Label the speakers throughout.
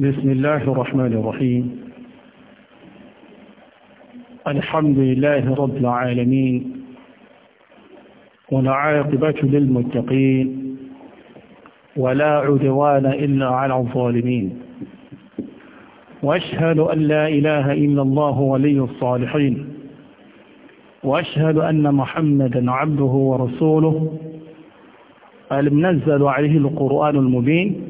Speaker 1: بسم الله الرحمن الرحيم الحمد لله رب العالمين والعاقبة للمتقين ولا عدوان إلا على الظالمين وأشهد أن لا إله إلا الله ولي الصالحين وأشهد أن محمدا عبده ورسوله المنزل عليه القرآن المبين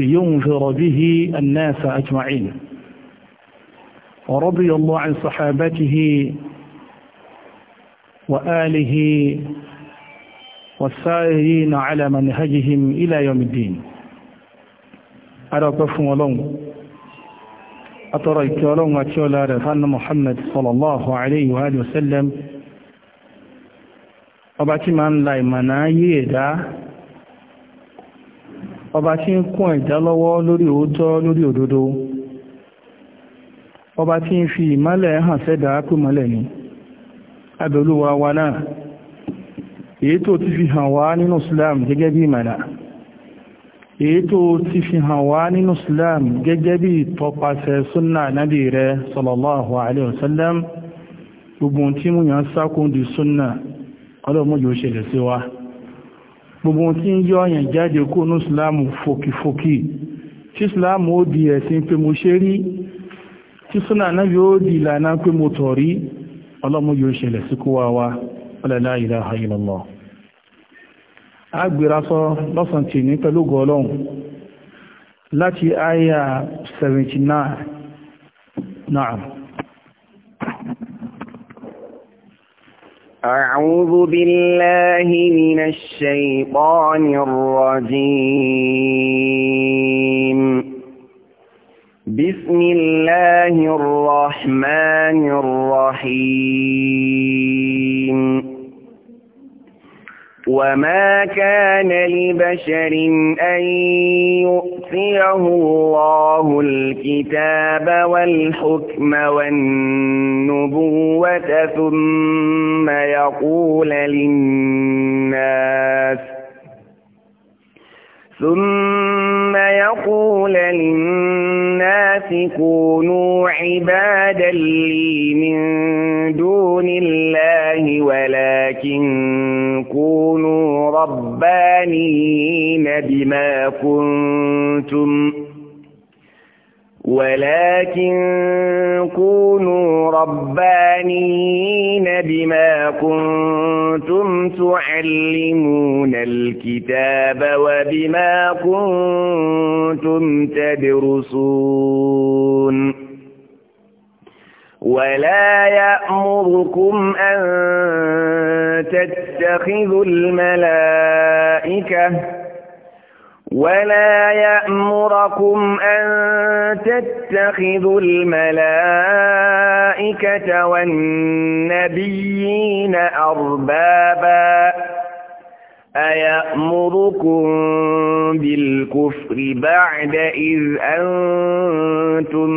Speaker 1: لينذر به الناس أجمعين ورضي الله عن صحابته وآله والسائرين على منهجهم إلى يوم الدين على أرقف ولون أتريك ولون أتولى رفان محمد صلى الله عليه وآله وسلم أبعتما لا يمنعي ذا ọba tí ń kún lórí òótọ́ lórí òdodo ọba tí ń fi ìmálẹ̀ hàn sẹ́dá pè mọ́lẹ̀ ni abẹ́olúwa wa náà èyí tó ti fi hàn wá nínú Islam gẹ́gẹ́ bí ìmàlà èyí tó ti fi hàn wá nínú Islam gẹ́gẹ́ bí ìtọpasẹ̀ súnà nábì rẹ gbogbo tí wa. gbogbo tí ń yọ ọ̀yàn jáde kó ní ìsìláàmù fòkìfòkì tí ìsìláàmù ó di ẹ̀sìn pé mo ṣe rí tí súnà náà yóò di ìlànà pé mo tọ̀ rí ọlọ́mọ yóò ṣẹlẹ̀ sí kó wá wá la ilaha
Speaker 2: أعوذ بالله من الشيطان الرجيم بسم الله الرحمن الرحيم وما كان لبشر أن يعطيه الله الكتاب والحكم والنبوة ثم يقول للناس ثم يقول للناس كونوا عبادا لي من دون الله ولكن كونوا ربانين بما كنتم ولكن كونوا ربانين بما كنتم تعلمون الكتاب وبما كنتم تدرسون ولا يأمركم أن تتخذوا الملائكة ولا يأمركم أن تتخذوا الملائكة والنبيين أرباباً أيأمركم بالكفر بعد إذ أنتم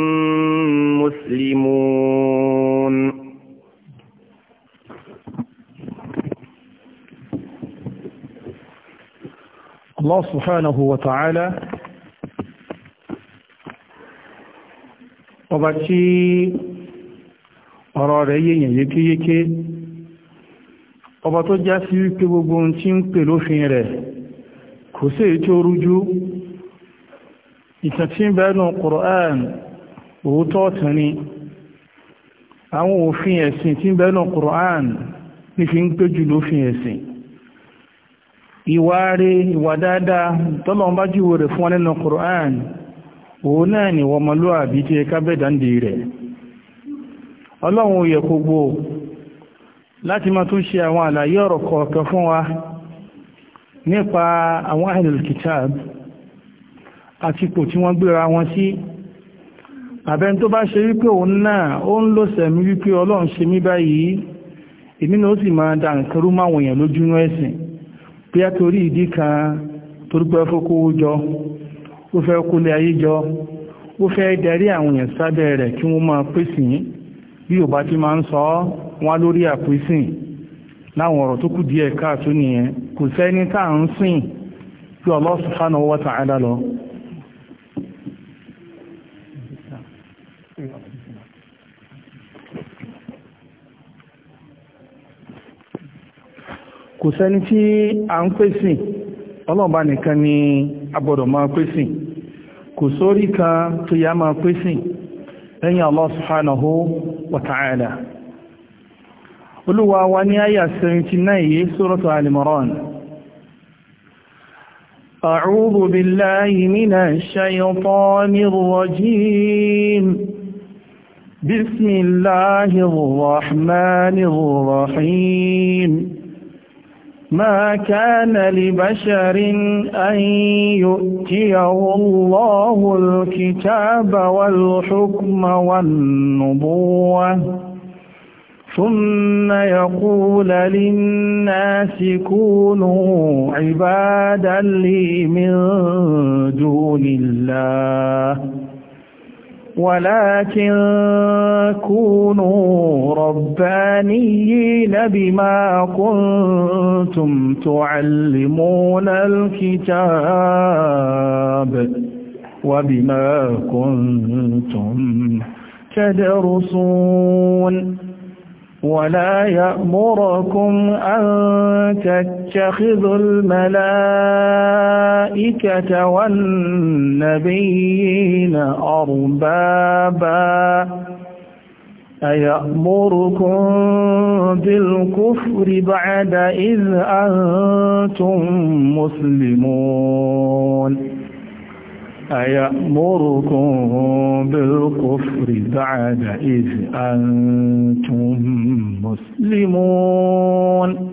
Speaker 2: مسلمون
Speaker 1: الله سبحانه وتعالى ọba tí يكي يكي ọba tó já sí wípé gbogbo ohun tí ń pè lófin rẹ̀ kò sí èyí tí ó rújú ìtàn tí ń bẹ nínú Qur'an òótọ́ ọ̀tàn ni àwọn òfin ẹ̀sìn tí ń bẹ nínú Qur'an ní fi ń pé jù lófin ẹ̀sìn ìwà rẹ̀ ìwà dáadáa tọ́lọ́n bá jùwò rẹ̀ fún nínú Qur'an òun náà ni wọ́n mọ́lúwà bí tí ẹ kábẹ̀dá ń di rẹ̀ ọlọ́run ò yẹ kó láti máa tún ṣe àwọn àlàyé ọ̀rọ̀ kọ̀ọ̀kan fún wa nípa àwọn ahlul kitab àti ipò tí wọ́n gbéra wọn sí àbẹ́ni tó bá ṣe wípé òun náà ó ń lò sẹ̀mí wípé ọlọ́run ṣe mí báyìí èmi náà ó sì máa da nǹkan rú máwọn èèyàn lójúnú ẹ̀sìn bí a torí ìdí kan torípẹ́ fókówó jọ ó fẹ́ kólé ayé jọ ó fẹ́ darí àwọn èèyàn sábẹ́ rẹ̀ kí wọ́n máa pèsè bí Yorùbá ti máa ń sọ ọ́ wọn lórí àpínsìn láwọn ọ̀rọ̀ tó kù díẹ̀ káàtó nìyẹn kò sẹ́ni tá à ń sìn bí Allah subhanahu wa lọ kò sẹ́ni tí a ń pèsìn ọlọ́ọ̀bá nìkan ni a máa pèsìn kò sórí kan tó yá máa pèsìn Allah subhanahu wa ta'ala olúwa wa ní àyà 79 سورة آل alìmọ̀rán
Speaker 2: أعوذ بالله من الشيطان الرجيم بسم الله
Speaker 1: الرحمن الرحيم ما كان لبشر أن يؤتيه الله الكتاب والحكم والنبوة ثم يقول للناس كونوا
Speaker 2: عبادا لي من دون الله ولكن كونوا ربانيين بما كنتم
Speaker 1: تعلمون الكتاب وبما كنتم تدرسون ولا يأمركم أن تتخذوا
Speaker 2: الملائكة والنبيين أربابا أيأمركم
Speaker 1: بالكفر بعد إذ أنتم مسلمون أيأمركم بالكفر بعد إذ أنتم مسلمون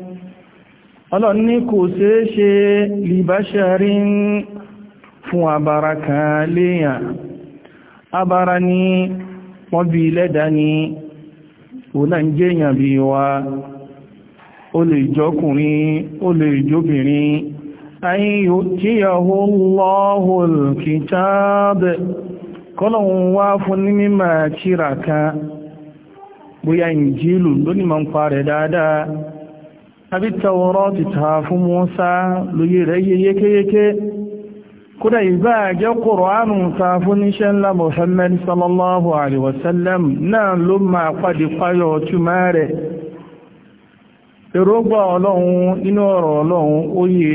Speaker 1: ọlọ́run ní kò ṣeé ṣe libáṣẹ́rí fún abara abara ní lẹ́dà ní wa jọkùnrin أن يؤتيه الله الكتاب kọ́lọ̀hún wá fún ní mímọ̀ tíra kan bóyá ìjìlù lónìí ma ń parẹ̀ dáadáa àbí Tawrat ti ta fún Mùsá lóyè rẹ̀ yé yékéyéké kódà ìbá jẹ́ Kùránù ta fún èrògbà ọlọ́run inú ọ̀rọ̀ ọlọ́run ó yé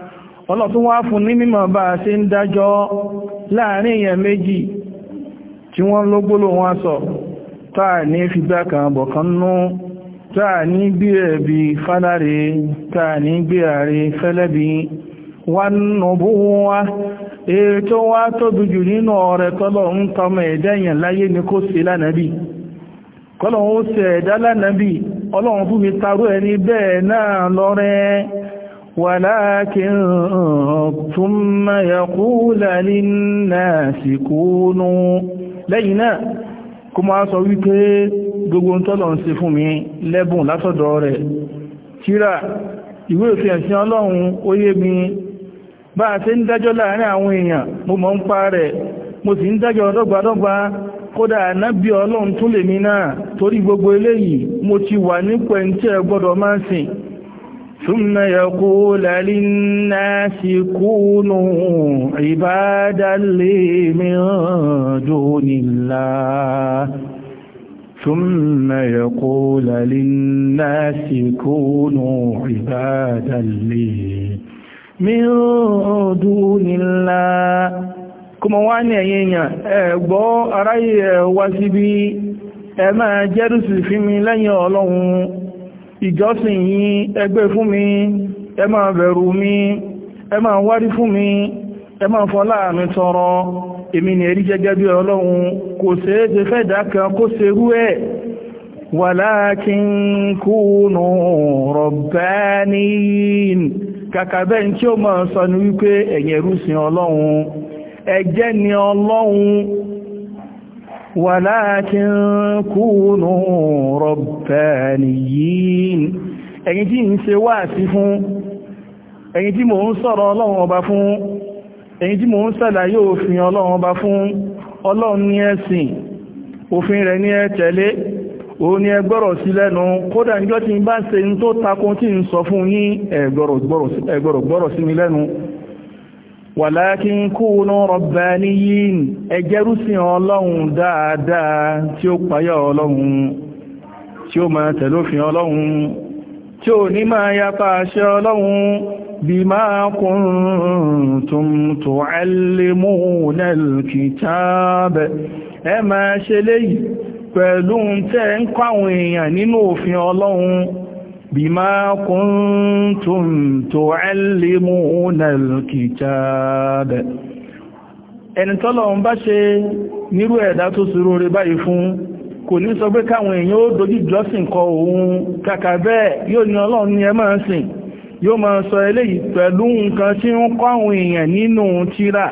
Speaker 1: ọlọ́tún wá fún ní mímọ̀ bá a ṣe ń dájọ́ láàrin èèyàn méjì tí wọ́n lógbóló wọn sọ táà ní fìgbà kan bọ̀kan nú táà ní gbé ẹ̀bí fádàrí táà ní gbé ààrẹ fẹ́lẹ́bí wọn nùbú wá èyí tó wá tóbi jù nínú ọ̀rẹ́ tọ́lọ̀ ń tọmọ ẹ̀dẹ́yàn láyé ni kó ṣe lánàbí kọ́lọ̀ ó ṣe ẹ̀dá lánàbí ọlọ́run fún mi tarú ẹni bẹ́ẹ̀ náà lọ́rẹ́ ولكن ثم يقول للناس كونوا lẹ́yìnà kó máa sọ wípé gbogbo tọ́lọ̀ ń fún mi lẹ́bùn látọ̀dọ̀ rẹ̀ tírà ìwé òfin ọlọ́run ó yé mi bá a ṣe ń dájọ́ kódà ọlọ́run tún náà torí gbogbo eléyìí mo ti wà gbọ́dọ̀ máa sìn ثم يقول للناس كونوا عبادا لي من دون الله ثم يقول للناس كونوا عبادا لي من دون الله كما وانا يينا اغبو اراي واسبي اما جرس في ملان يولون ìjọsìn yìí ẹgbẹ́ fún mi ẹ máa bẹ̀rù mi ẹ máa wárí fún mi ẹ máa fọlá mi tọrọ èmi ni ẹ̀rí gẹ́gẹ́ bí ọlọ́run kò ṣeé ṣe fẹ́ dákan kó ṣerú ẹ̀ walakin kunu rabbaniyin ẹ̀yin tí ń ṣe wáàsí fún ẹ̀yin tí mò ń sọ̀rọ̀ ọlọ́run ọba fún ẹ̀yin tí mò ń ṣàlàyé òfin ọlọ́run ọba fún ọlọ́run ní ẹ̀sìn òfin rẹ̀ ní ẹ tẹ̀lé òun ẹ ẹgbọ́rọ̀ sí lẹ́nu kódà níjọ́ tí ń bá ṣe ń tó takun tí ń sọ fún yín ẹgbọ́rọ̀ gbọ́rọ̀ sí mi lẹ́nu wàlákin kúnú rọ̀báníyìn ẹjẹ́rúsìn ọlọ́run dáadáa tí ó payá ọlọ́run tí ó máa tẹ̀lófin ọlọ́run tí ó ní máa yapa àṣẹ ọlọ́run bí máa kuntum tuallimuna al-kitab ẹ máa ṣe léyìí pẹ̀lú tẹ́ ń kọ́ àwọn èèyàn nínú òfin ọlọ́run بما كنتم تعلمون الكتاب ẹni tọ́lọ̀un bá ṣe nírú ẹ̀dá tó sírò rẹ̀ báyìí fún kò ní sọ pé káwọn èèyàn ó dojú jọ́sìn kọ òun kàkà bẹ́ẹ̀ yóò ní ọlọ́run ní ẹ máa sìn yóò máa sọ eléyìí pẹ̀lú nǹkan tí ń kọ́ àwọn èèyàn nínú tírà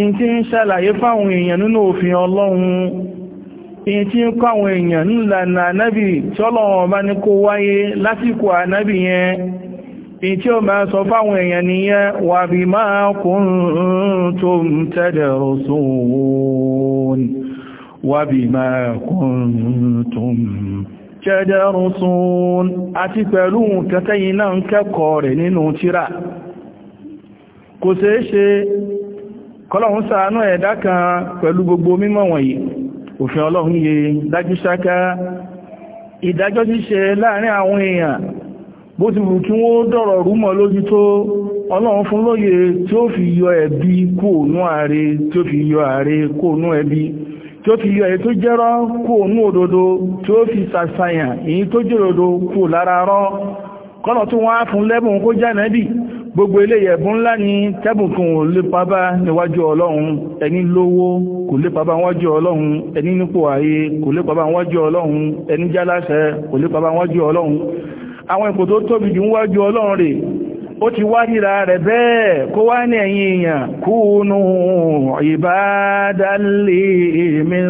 Speaker 1: in tí ń ṣàlàyé fáwọn èèyàn nínú òfin ọlọ́run èyí tí ń kọ́ àwọn èèyàn nílànà ànábì tí ọlọ́wọ̀n bá ní kó wáyé lásìkò ànábì yẹn èyí tí ó máa sọ fáwọn èèyàn nìyẹn wà bí máa kuntum ún tó bí máa kuntum òfin ọlọ́run yẹ dájú ṣáká ìdájọ́ ṣíṣe láàrin àwọn èèyàn bó ti wù kí wọ́n dọ̀rọ̀ rúmọ̀ lójú tó ọlọ́run fún lóye tí ó fi yọ ẹ̀bi kóònú ààrẹ tí ó fi yọ ààrẹ kóònú ẹ̀bi tí ó fi yọ èyí tó jẹ́rọ́ kóònú òdodo tí ó fi sàṣàyàn èyí tó jòdodo kò lára rọ́ kọ́nà tó wọ́n á fún lẹ́bùn kó jẹ́ ànábì gbogbo eléyìí ẹ̀bùn ńlá ni tẹ́bùn kan ò lépa bá níwájú ọlọ́run ẹni lówó kò lépa bá níwájú ọlọ́run ẹni nípò ààyè kò lépa bá níwájú ọlọ́run ẹni jáláṣẹ kò lépa bá níwájú ọlọ́run àwọn ipò tó tóbi jù níwájú ọlọ́run rẹ̀ ó ti wá níra rẹ̀ bẹ́ẹ̀ kó wá ní ẹ̀yin èèyàn kúnú ìbádálé min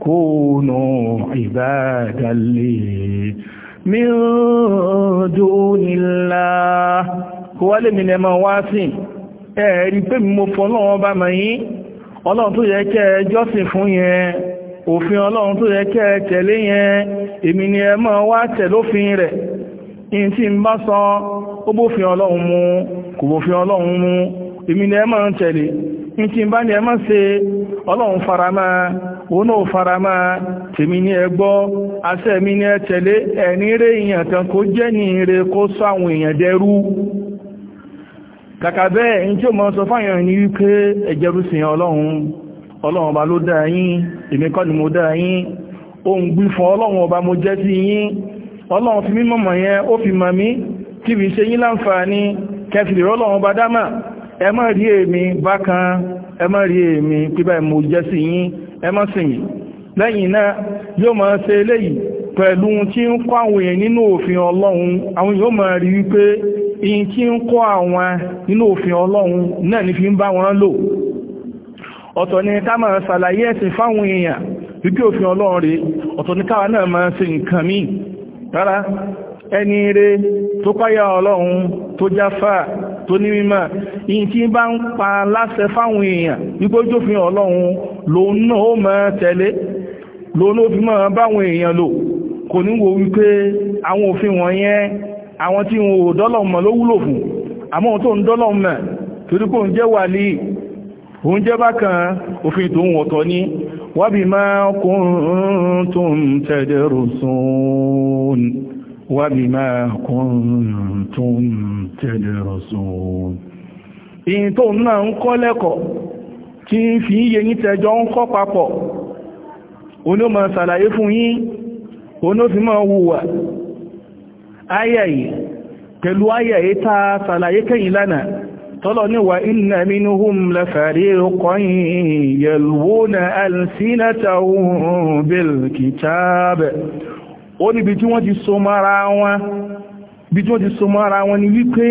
Speaker 1: كونوا عبادا لي من دون الله قال wá lè mi lẹ máa wá sí ẹ̀rí pé mo fọ́lọ́wọ́ bá ma yín ọlọ́run tó yẹ kẹ́ jọ́sìn fún yẹn òfin ọlọ́run tó yẹ kẹ́ tẹ̀lé yẹn èmi ni ẹ máa wá tẹ̀lófin rẹ̀ in tí ń bá sọ ó bófin ọlọ́run mu kò bófin ọlọ́run ọlọ́run fara òun náà fara máa tèmi ní ẹgbọ́ asẹ́ mi ní ẹtẹ̀lé ẹni rẹ̀ èèyàn kan kó jẹ́ ní ire kó sọ àwọn èèyàn dẹrú kàkà bẹ́ẹ̀ ní tí ó mọ́ sọ fáyàn ní wípé ẹjẹ́rú sí ọlọ́run ọba ló dá yín èmi ni mo dá yín ohun gbí ọba mo ẹmọ́ sí mi lẹ́yìn náà yóò máa ṣe eléyìí pẹ̀lú tí ń kọ́ àwọn èèyàn nínú òfin ọlọ́run àwọn yóò máa rí wípé in tí ń kọ́ àwọn nínú òfin ọlọ́run náà ní fi ń bá wọn lò ọ̀tọ̀ ni ká máa ṣàlàyé ẹ̀sìn fáwọn èèyàn wípé òfin ọlọ́run rèé ọ̀tọ̀ ni káwa náà máa ṣe nǹkan míì ẹni rẹ̀ tó páyà ọlọ́run tó jáfà tó ní mímọ̀ yìí bá ń pa láṣẹ fáwọn èèyàn wípójófin ọlọ́run lòun náà ó mọ́ tẹ̀lé lòun ó fi báwọn èèyàn lò kò ní wo wípé àwọn òfin àwọn tí wọn ò ló wúlò fún وبما كنتم تدرسون in tó náà ń kọ́ lẹ́kọ̀ọ́ tí ń fi yé yín tẹjọ ń kọ́ papọ̀ oní ma ṣàlàyé fún yín oní fi máa wùwà ayayi pẹ̀lú ayayi ta ṣàlàyé kẹ́yìn lánàá tọ́lọ níwà inna minhum la fariqan yalwuna alsinatahum bil kitab ó ibi tí wọ́n ti so mọ́ra wọn bí tí wọ́n ti so mọ́ra wọn ni wípé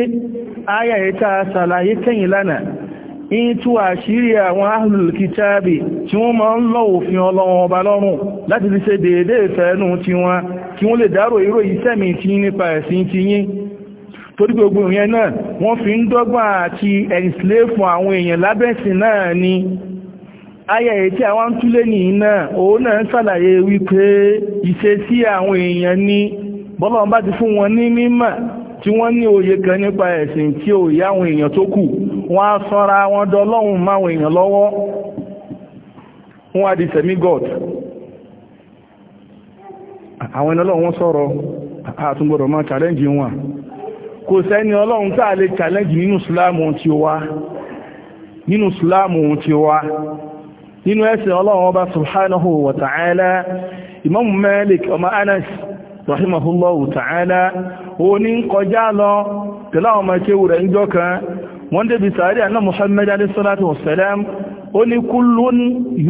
Speaker 1: ayà ta sàlàyé kẹ́yìn lánàá in tú àṣírí àwọn ahlul kitabi tí wọ́n ma ń lọ òfin ọlọ́wọ́n ọba lọ́rùn láti fi ṣe déédé ìfẹ́ẹ̀nù tí wọ́n kí wọ́n lè dárò irò ìsẹ́mì tí nípa ẹ̀sìn ti yín torí gbogbo ìyẹn náà wọ́n fi ń dọ́gbà àti ẹ̀rìsìlẹ́ fún àwọn èèyàn lábẹ́sìn náà ni aya tí àwọn túlé nìyí náà òun náà ń ṣàlàyé wípé ìṣesí àwọn èèyàn ni bọ́lọ̀ bá ti fún wọn ní mímọ̀ tí wọ́n ní òye kan nípa ẹ̀sìn tí ò yá àwọn èèyàn tó kù wọ́n á sọ́ra wọn máwọn èèyàn lọ́wọ́ kò sẹ́ni ọlọ́run a lè challenge nínú sùlámù tí ó nínú ẹ̀sìn ọlọ́run ọba subhanahu wa ta'ala imam malik ọmọ anas rahimahullahu ta'ala ó ní kọjá lọ pẹ̀lú àwọn ọmọ ṣe wùrẹ̀ ńjọ́ kan wọ́n débi sàárì àná muhammad alayhi salatu wa salam ó ní kullun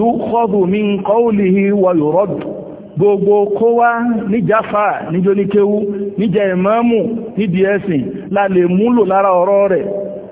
Speaker 1: yukhadhu min qawlihi wa yurad gbogbo kó ní jáfà níjó ní kéwú níjẹ ìmáàmù nídìí ẹ̀sìn múlò lára ọ̀rọ̀ rẹ̀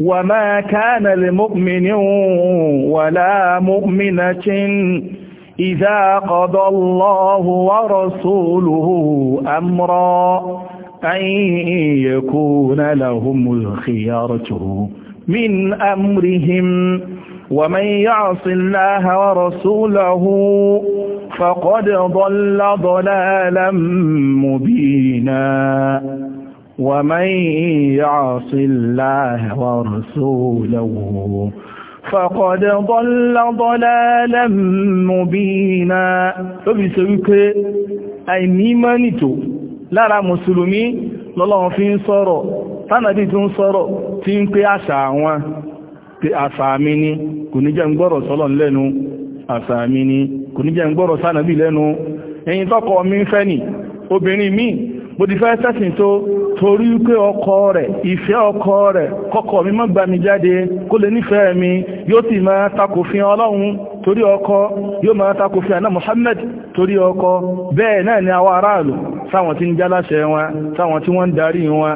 Speaker 1: وما كان لمؤمن ولا مؤمنة إذا قضى الله ورسوله أمرا أن يكون لهم الخيارة من أمرهم ومن يعص الله ورسوله فقد ضل ضلالا مبينا ومن يعص الله ورسوله فقد ضل ضلالا مبينا tó bí ṣe wípé àìnímọ́nì tó lára mùsùlùmí lọ́lọ́run fi ń sọ̀rọ̀ tánàbí tí ń sọ̀rọ̀ tí ń pé àṣà àwọn pé àṣà mi ni kò ní jẹ́ ń gbọ́rọ̀ sọ́lọ̀ lẹ́nu àṣà mi ni kò ní jẹ́ ń gbọ́rọ̀ sánàbí lẹ́nu ẹ̀yìn tọ́kọ mi ń fẹ́ ni obìnrin míì mo ti fẹ́ sẹ́sìn tó torí pé ọkọ rẹ̀ ìfẹ́ ọkọ rẹ̀ kọ́kọ́ mi má gbà mí jáde kó lè nífẹ̀ẹ́ mi yóò sì máa takò fi ọlọ́run torí ọkọ yóò máa takò fi àná Muhammad torí ọkọ bẹ́ẹ̀ náà ni àwọn aráàlú sáwọn tí ń jáláṣẹ wọn sáwọn tí wọ́n ń darí wọn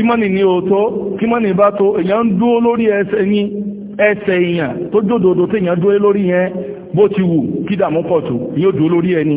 Speaker 1: ìmọ́nì ni òótọ́ kí mọ́nì bá tó èèyàn ń dúó lórí ẹsẹ̀ yín ẹsẹ̀ èèyàn tó jódòdó tí èèyàn dúó lórí yẹn bó ti wù kí pọ̀ tó yóò dúó lórí ẹni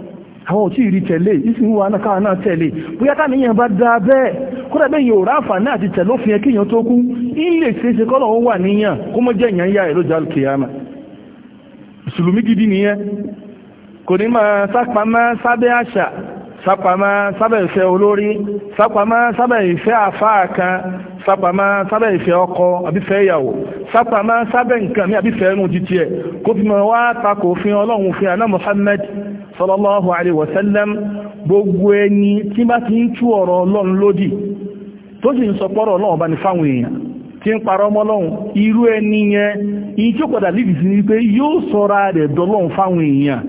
Speaker 1: àwọn òtí ìrí tẹ̀lé ìsìn wa náà náà tẹ̀lé bóyá ká níyàn bá dáa bẹ́ẹ̀ kódà bẹ́ẹ̀ yóò ráfà náà ti tẹ̀lé òfin ẹkíyàn tó kú ilé ṣeéṣe kọ́lọ̀ ó wà níyàn kó mọ́ jẹ́ ìyàn yá ẹ̀rọ jàl kìyàmà mùsùlùmí gidi nìyẹn kò ní máa sápamọ́ sábẹ́ àṣà sápamọ́ sábẹ̀ ìfẹ́ olórí sápamọ́ sábẹ̀ ìfẹ́ àfáà kan sápamọ́ sábẹ̀ ìfẹ́ ọkọ àbífẹ́ ìyàwó sápamọ́ sábẹ̀ nǹkan mi àbífẹ́ ẹnu títí ẹ̀ kó fi mọ̀ wá takò òfin ọlọ́run fi àná Muhammad sallallahu alaihi wasallam gbogbo ẹni tí bá ti ń tú ọ̀rọ̀ ọlọ́run lódì tó sì ń sọ pọ́rọ̀ ọlọ́run bá ní fáwọn èèyàn tí ń parọ́ mọ́lọ́run irú ẹni yẹn ìyí tí ó padà lídìí sí ni pé yóò sọ́ra rẹ̀ dọ́lọ́run fáwọn èèyàn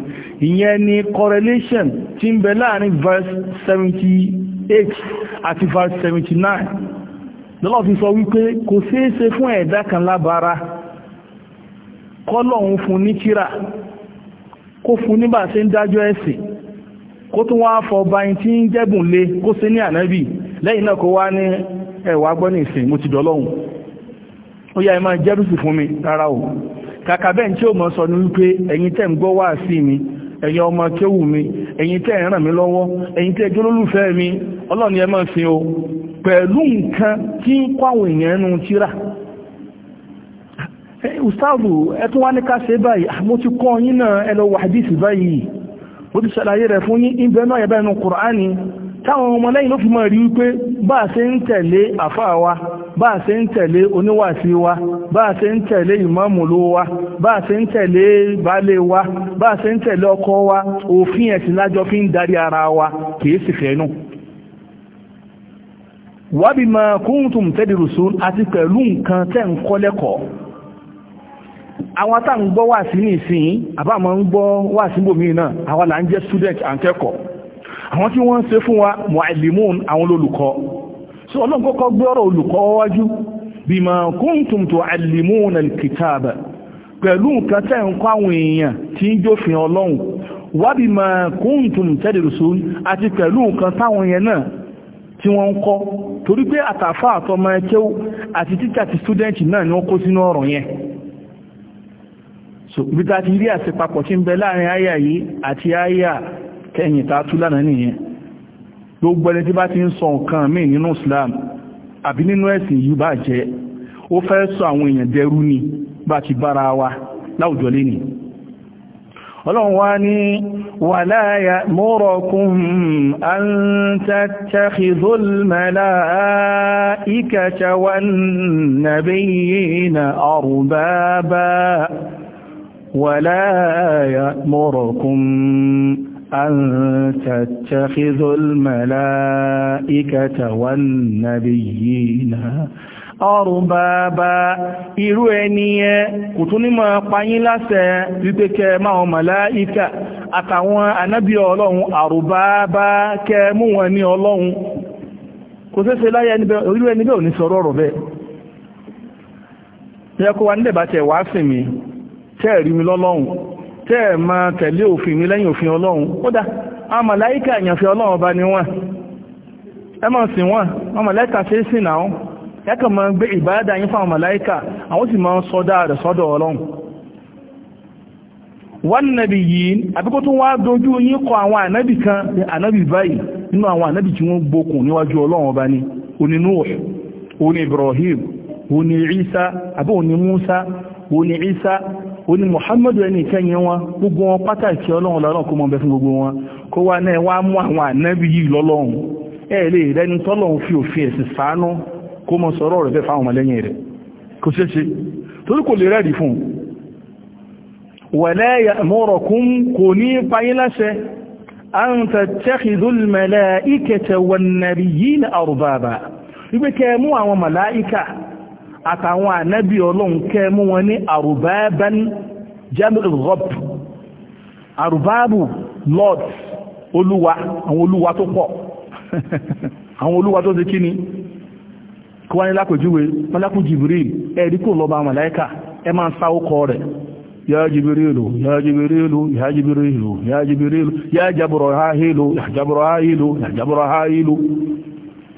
Speaker 1: ìyẹn ni correlation tí ń bẹ láàrin verse 78 àti verse 79 lọ́lọ́ fi sọ wípé kò ṣeéṣe fún ẹ̀dá kan lábara kọ́lọ̀un fún ní kíra kó fún nígbà ṣe ń dájọ́ ẹ̀sìn kó tún wá fọ báyìí tí ń jẹ́bùn lé kó ṣe ní ànábì lẹ́yìn náà kó wá ní ẹ̀wà gbọ́nì ìsìn mo ti dọ́lọ́hun ó yá ẹ jẹ́rùsì fún mi rárá o kàkà bẹ́ẹ̀ tí ó mọ̀ sọ ní wípé ẹ̀yin tẹ́ ń gbọ́ wá sí mi ẹ̀yin ọmọ kéwù mi ẹ̀yin tẹ́ ẹ̀ mi mí lọ́wọ́ ẹ̀yin tẹ́ jólólùfẹ́ mi ọlọ́ni ẹ máa fi o pẹ̀lú nǹkan tí ń kọ́wọ̀ èèyàn ẹnu tíra ustaazu ẹtún wá ní ká ṣe báyìí ah, mo ti kọ́ ẹ báyìí fún táwọn ọmọ lẹ́yìn ló fi máa rí wípé bá a ṣe ń tẹ̀lé àfáà wa bá a ṣe ń tẹ̀lé oníwàsí wa bá a ṣe ń tẹ̀lé ìmáàmùlú wa bá a ṣe ń tẹ̀lé baálé wa bá a ṣe ń tẹ̀lé ọkọ wa òfin ẹ̀sìn lájọ fi ń darí ara wa kìí sì fẹ́ nù. wábì máa kúntùm tadrusun àti pẹ̀lú nǹkan tẹ̀ ń kọ́ lẹ́kọ̀ọ́ àwọn táà ń gbọ́ nìsín àbá ń gbọ́ wàásí bòmíì náà àwa là ń jẹ́ student à àwọn tí wọ́n ń ṣe fún wa mu'allimun àwọn olùkọ́ so ọlọ́run kọ́kọ́ gbé ọ̀rọ̀ olùkọ́ wájú bima kuntum tu'allimuna al-kitaba pẹ̀lú nǹkan tẹ́ ń kọ́ àwọn èèyàn tí ń jófin ọlọ́run wábí ma kóhùntùn tẹ́dìrìsún àti pẹ̀lú nǹkan táwọn yẹn náà tí wọ́n ń kọ́ torí pé àtàfà àtọmọ ẹkẹ́ àti títà ti stúdẹ́ntì náà ni wọ́n kó sínú ọ̀rọ̀ yẹn so ibi ta ti rí àṣepapọ̀ tí ń bẹ láàrin àyà yìí àti àyà kẹyìn ta tú lánàá nìyẹn gbogbo ẹni tí bá ti ń sọ nǹkan míì nínú Islam àbí nínú ẹ̀sìn yìí bá jẹ́ ó fẹ́ sọ àwọn èèyàn dẹrú ni bá ti bára wa láwùjọ lénìí ní wà láyà mọ́rọ̀kún أن تتخذوا الملائكة والنبيين أربابا irú ẹni yẹn kò tún ní máa pa yín láṣẹ wípé kẹ máa màláíkà àtàwọn ànábì ọlọ́run àrùbábá kẹ láyé irú ẹni bẹ́ẹ̀ ní sọ̀rọ̀ ọ̀rọ̀ bẹ́ẹ̀ wa mi tẹ́ẹ̀rí mi tẹ́ ẹ̀ máa tẹ̀lé òfin mi lẹ́yìn òfin ọlọ́run ó dá àwọn ìyànfẹ́ ọlọ́run ọba ni wọ́n ẹ máa sìn wọ́n àwọn màláíkà ṣe é náà yàtọ̀ máa gbé ìbáyàdá yín fáwọn màláíkà àwọn sì máa ń ọlọ́run wọ́n yìí àbíkó tó wá dojú yín kọ àwọn kan báyìí nínú àwọn tí wọ́n gbókùn níwájú ọlọ́run ọba ni oní Nuh oní Ibrahim oní Isa àbí oní Musa oní Isa ó ní Muhammadu ẹni ìkẹyìn wọn gbogbo wọn pátá ìkẹ́ ọlọ́run lọ́rọ̀ kó mọ̀ bẹ fún gbogbo wọn kó wá náà wá mú àwọn ànábì yìí lọ́lọ́run ẹ lè rẹni tọ́lọ́run fi òfin ẹ̀sìn ṣàánú kó mọ sọ̀rọ̀ rẹ̀ bẹ́ẹ̀ fáwọn ọmọlẹ́yìn rẹ̀ kò ṣeé ṣe torí àtàwọn ànábì ọlọ́run kẹ́ mú wọn ní àrùbáẹ́bẹ́n jamiu rob àrùbáàbù lord olúwa àwọn olúwa tó pọ̀ àwọn olúwa tó ti kíni kí wọ́n ní lápèjúwe mọ́lákù jibril ẹ̀rí kò lọ́ba màláíkà ẹ máa ń sá rẹ̀ ya ya ha ya ha ha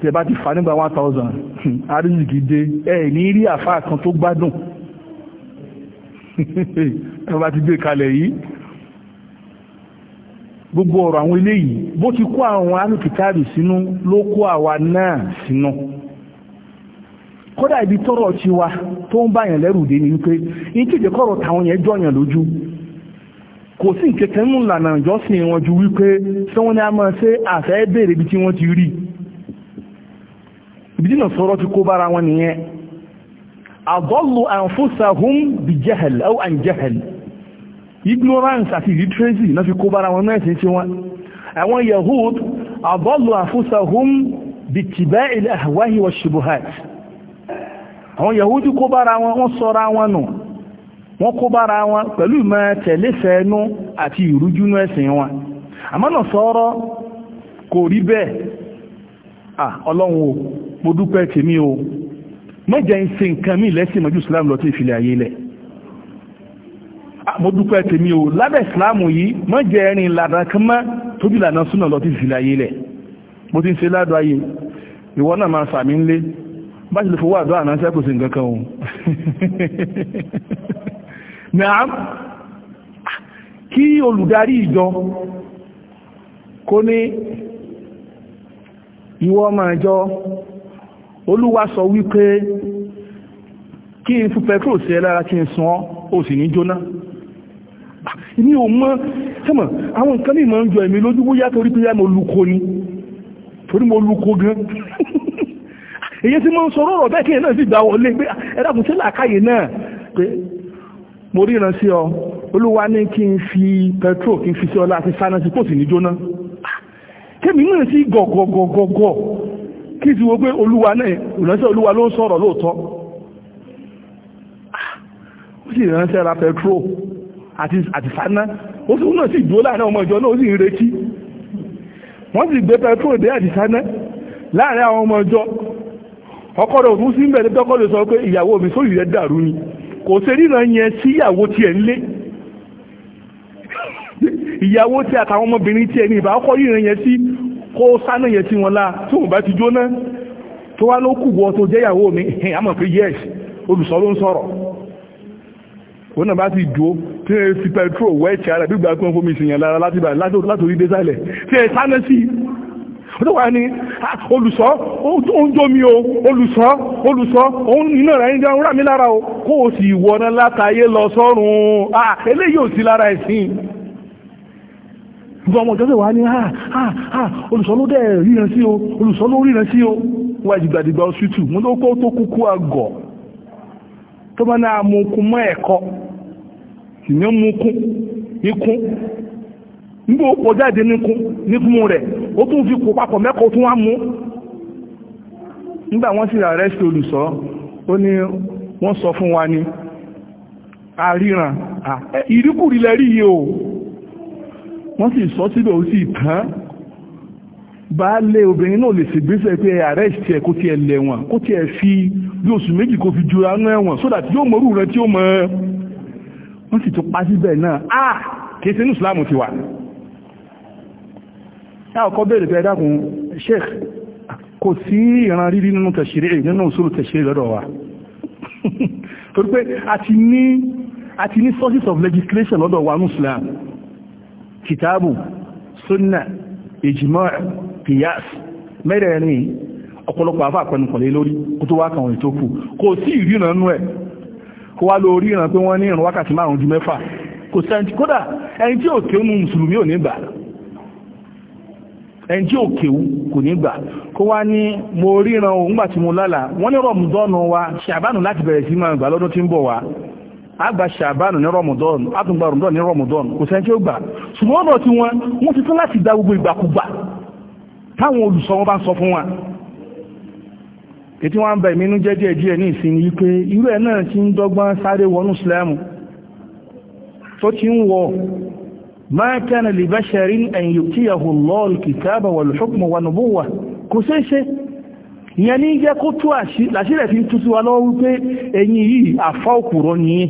Speaker 1: tẹ bá ti fà nígbà 1000 àríjìkì dé ẹ ní rí àfá kan tó gbádùn ẹ bá ti gbé kalẹ̀ yìí gbogbo ọ̀rọ̀ àwọn eléyìí bó ti kó àwọn alùpùpù sínú ló kó àwa náà sínú kódà ibi tọ́rọ̀ ti wa tó ń báyàn lẹ́rù dé ni wípé ìkéde kọ́rọ̀ táwọn yẹn jọyàn lójú kò sí ìkẹkẹ́ mú ìlànà ìjọsìn wọn ju wípé tí wọ́n a máa ṣe àfẹ́ béèrè ibi tí wọ́n ti rí ibi náà sọ̀rọ̀ ti kó bára wọn nìyẹn adallu anfusahum bi jahl aw an jahl ignorance àti illiteracy náà fi kó bára wọn náà ṣe wọn àwọn yahood adallu anfusahum bi ittiba'i al-ahwa'i wash-shubuhat àwọn yahood kó bára wọn wọ́n sọra wọn nù wọ́n kó bára wọn pẹ̀lú ìmọ̀ tẹ̀léfẹ̀ẹ́nú àti ìrújúnú ẹ̀sìn wọn àmọ́ náà sọ̀rọ̀ kò rí bẹ́ẹ̀ ah ọlọ́run o mo dúpẹ́ tèmi o mẹ́jẹ̀ ń ṣe nǹkan mí lẹ́sìn mọ́jú islam lọ tí ìfilẹ̀ ayé lẹ̀ mo dúpẹ́ tèmi o lábẹ́ islam yìí mẹ́jẹ̀ ẹ̀rin ìlànà kan mọ́ tójú ìlànà súnà lọ tí ìfilẹ̀ ayé lẹ̀ mo ti ń ṣe ládọ́ ayé ìwọ náà máa sàmì ńlé bá ti lè fowó àdó àná sẹ́kù sí nǹkan kan o naam kí olùdarí ìjọ kó ní ìwọ máa jọ olúwa sọ wípé kí n fún pẹ̀trò sí ẹ lára kí n sàn ó sì ní jóná ní o mọ́ sẹ́mọ̀ àwọn nǹkan mìí máa ń jọ ẹ̀mí lójú bóyá torí pé mo lùkọ ni torí mo lùkọ gan èyí tí mo ń sọ̀rọ̀ ọ̀rọ̀ bẹ́ẹ̀ kí ẹ̀ náà sì gbà wọlé pé ẹ̀dàkùn sí làákàyè náà pé mo ríran sí ọ olúwa ní kí n fi pẹ̀trò kí n fi sí ọ láti sáná sí kò sì ní jóná kémi ah, náà sí gọ̀gọ̀gọ̀gọ̀gọ̀ kí ti wo pé olúwa náà ìránṣẹ́ olúwa ló ń sọ̀rọ̀ lóòótọ́ ah, ó sì ìránṣẹ́ ra petrol àti àtìsáná ó sì náà sì dúró láàrin ọmọ ìjọ náà ó sì ń retí wọ́n sì gbé petrol dé àtìsáná láàrin àwọn ọmọ ìjọ ọkọ rẹ̀ òfin sí ń bẹ̀rẹ̀ tọ́kọ́ lè sọ pé ìyàwó mi sórí rẹ̀ dàrú ni kò ṣe ríran yẹn sí ìyàwó tiẹ̀ ń lé ìyàwó tí àtàwọn ọmọbìnrin tiẹ̀ ní ìbá ọkọ ríran yẹn sí kó sáná yẹn tí wọn lá tí wọn bá ti jóná tó wá ló kù wọ tó jẹ́yàwó mi àmọ̀ pé yes olùsọ ló ń sọ̀rọ̀ òun náà bá ti dúó tí ẹ fi pẹtrol wẹ́ẹ̀tì ara bí gbàgbọ́n fún mi sì yàn lára láti bàrẹ̀ látòrí dé sálẹ̀ tí ẹ sáná sí ó wà ní ah, olùsọ oúnjẹ omi o olùsọ olùsọ òun iná rẹ̀ ń rà mí lára o kó o sì wọ̀nà gbogbo ọmọ ìjọ́sẹ̀ wà ní àà olùsọ́lódẹ̀ ríran sí o olùsọ́lóríran sí o wà ìgbàdìgbà ọ̀sítù mú tó kó tó kúkú àgọ̀ tó bá náà mú okun mọ́ ẹ̀kọ́ ìní mú kún ikún nígbà ó pọ̀jáde níkún níkún rẹ̀ ó tún fi kó papọ̀ mẹ́kọ̀ọ́ tún wá mú nígbà wọ́n sì arrest olùsọ́ ó ní wọ́n sọ fún wa ní àríran ìríkùrí lẹ́rí yìí o wọ́n sì sọ síbẹ̀ ó sì tán baálé obìnrin náà lè ṣègbésẹ̀ pé arrest ẹ̀ kó tiẹ̀ lẹ̀wọ̀n kó tiẹ̀ fi bí oṣù méjì kó fi jura nú ẹ̀wọ̀n sódà tí yóò mọ̀rú rẹ tí ó mọ̀ ẹ́ wọ́n sì tún pa síbẹ̀ náà á ah! kìí ṣe ní ìsìláàmù ti wà. ẹ àkọ́ béèrè pé ẹ dákun sheikh kò sí ìran rírí nínú tẹ̀sírí nínú òṣèlú tẹ̀sírí lọ́dọ̀ wa torí pé a ti ní a ti ní sources of legislation lọ́dọ̀ wa ní ìsìláàmù kìtàbù súnnà ìjìmọ́ kìyàs mẹ́rẹ̀ẹ̀rin ọ̀pọ̀lọpọ̀ àfà àpẹnukọ̀lẹ̀ lórí kó tó wá kàwọn ètò kù kò sí ìrìnà nú ẹ̀ kó wá lórí ìrìnà pé wọ́n ní ìrìn wákàtí márùn-ún ju mẹ́fà kò sẹ́ntì kódà ẹni tí ò kéwú mùsùlùmí ò ní gbà ẹni tí ò kéwú kò ní gbà kó wá ní mo ríran òun gbà tí mo lálàá wọ́n ní rọ̀mùdọ́nù wa ṣàbánù láti bẹ̀rẹ̀ sí máa gbà lọ́dún tí ń bọ̀ wá àgbà ṣàbánù ní rọmùdọ́n àtúngbà rọmùdọ́n ní rọmùdọ́n kò sẹ́ńtí ó gbà ṣùgbọ́n ọ̀dọ̀ tí wọ́n wọ́n ti tán láti dá gbogbo ìgbàkúgbà táwọn olùsọ wọn bá ń sọ fún wa ètí wọ́n ń bẹ ìmínú jẹ́ díẹ̀ díẹ̀ ní ìsinmi wípé irú ẹ̀ náà ti ń dọ́gbọ́n sáré wọnú Ìsìlámù tó ti ń wọ ma kana li basharin an yu'tiyahu ìyẹn ní jẹ́ kó tú àṣírẹ̀ fi ń tú wa lọ́wọ́ wípé ẹ̀yin yìí àfá òkúrọ̀ nìyẹn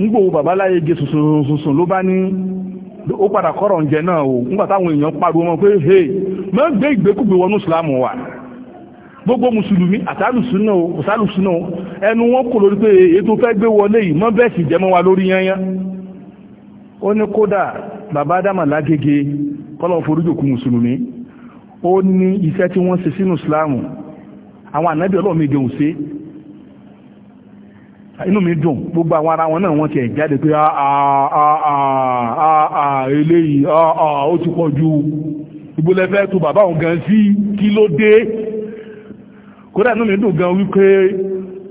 Speaker 1: nígbò bàbá láyé gé sùsùn ló bá ní ó padà kọ́rọ̀ ǹjẹ́ náà o nígbà táwọn èèyàn pariwo wọn pé he mọ́ gbé ìgbékúgbé wọnú ìsìlámù wa gbogbo mùsùlùmí àtàlùsùnà òsàlùsùnà ẹnu wọn kò lórí pé èyí tó fẹ́ gbé wọlé yìí mọ́ bẹ́ẹ̀ sì jẹmọ́ wa lórí yányán ó ní kódà bàbá dámà lágége kọ́lọ̀ forújòkú mùsùlùmí ó ní iṣẹ́ tí wọ́n ṣe sínú ìsìlámù àwọn ànábì ọlọ́mẹgẹ̀ òṣèé inú mi dùn gbogbo àwọn ara wọn náà wọ́n ti ẹ̀ jáde pé ah, ah, ah, eléyìí ó ti pọ̀ ju ìgbólẹ́fẹ́ tó bàbá òun gan sí kí ló dé kódà inú mi dùn gan wípé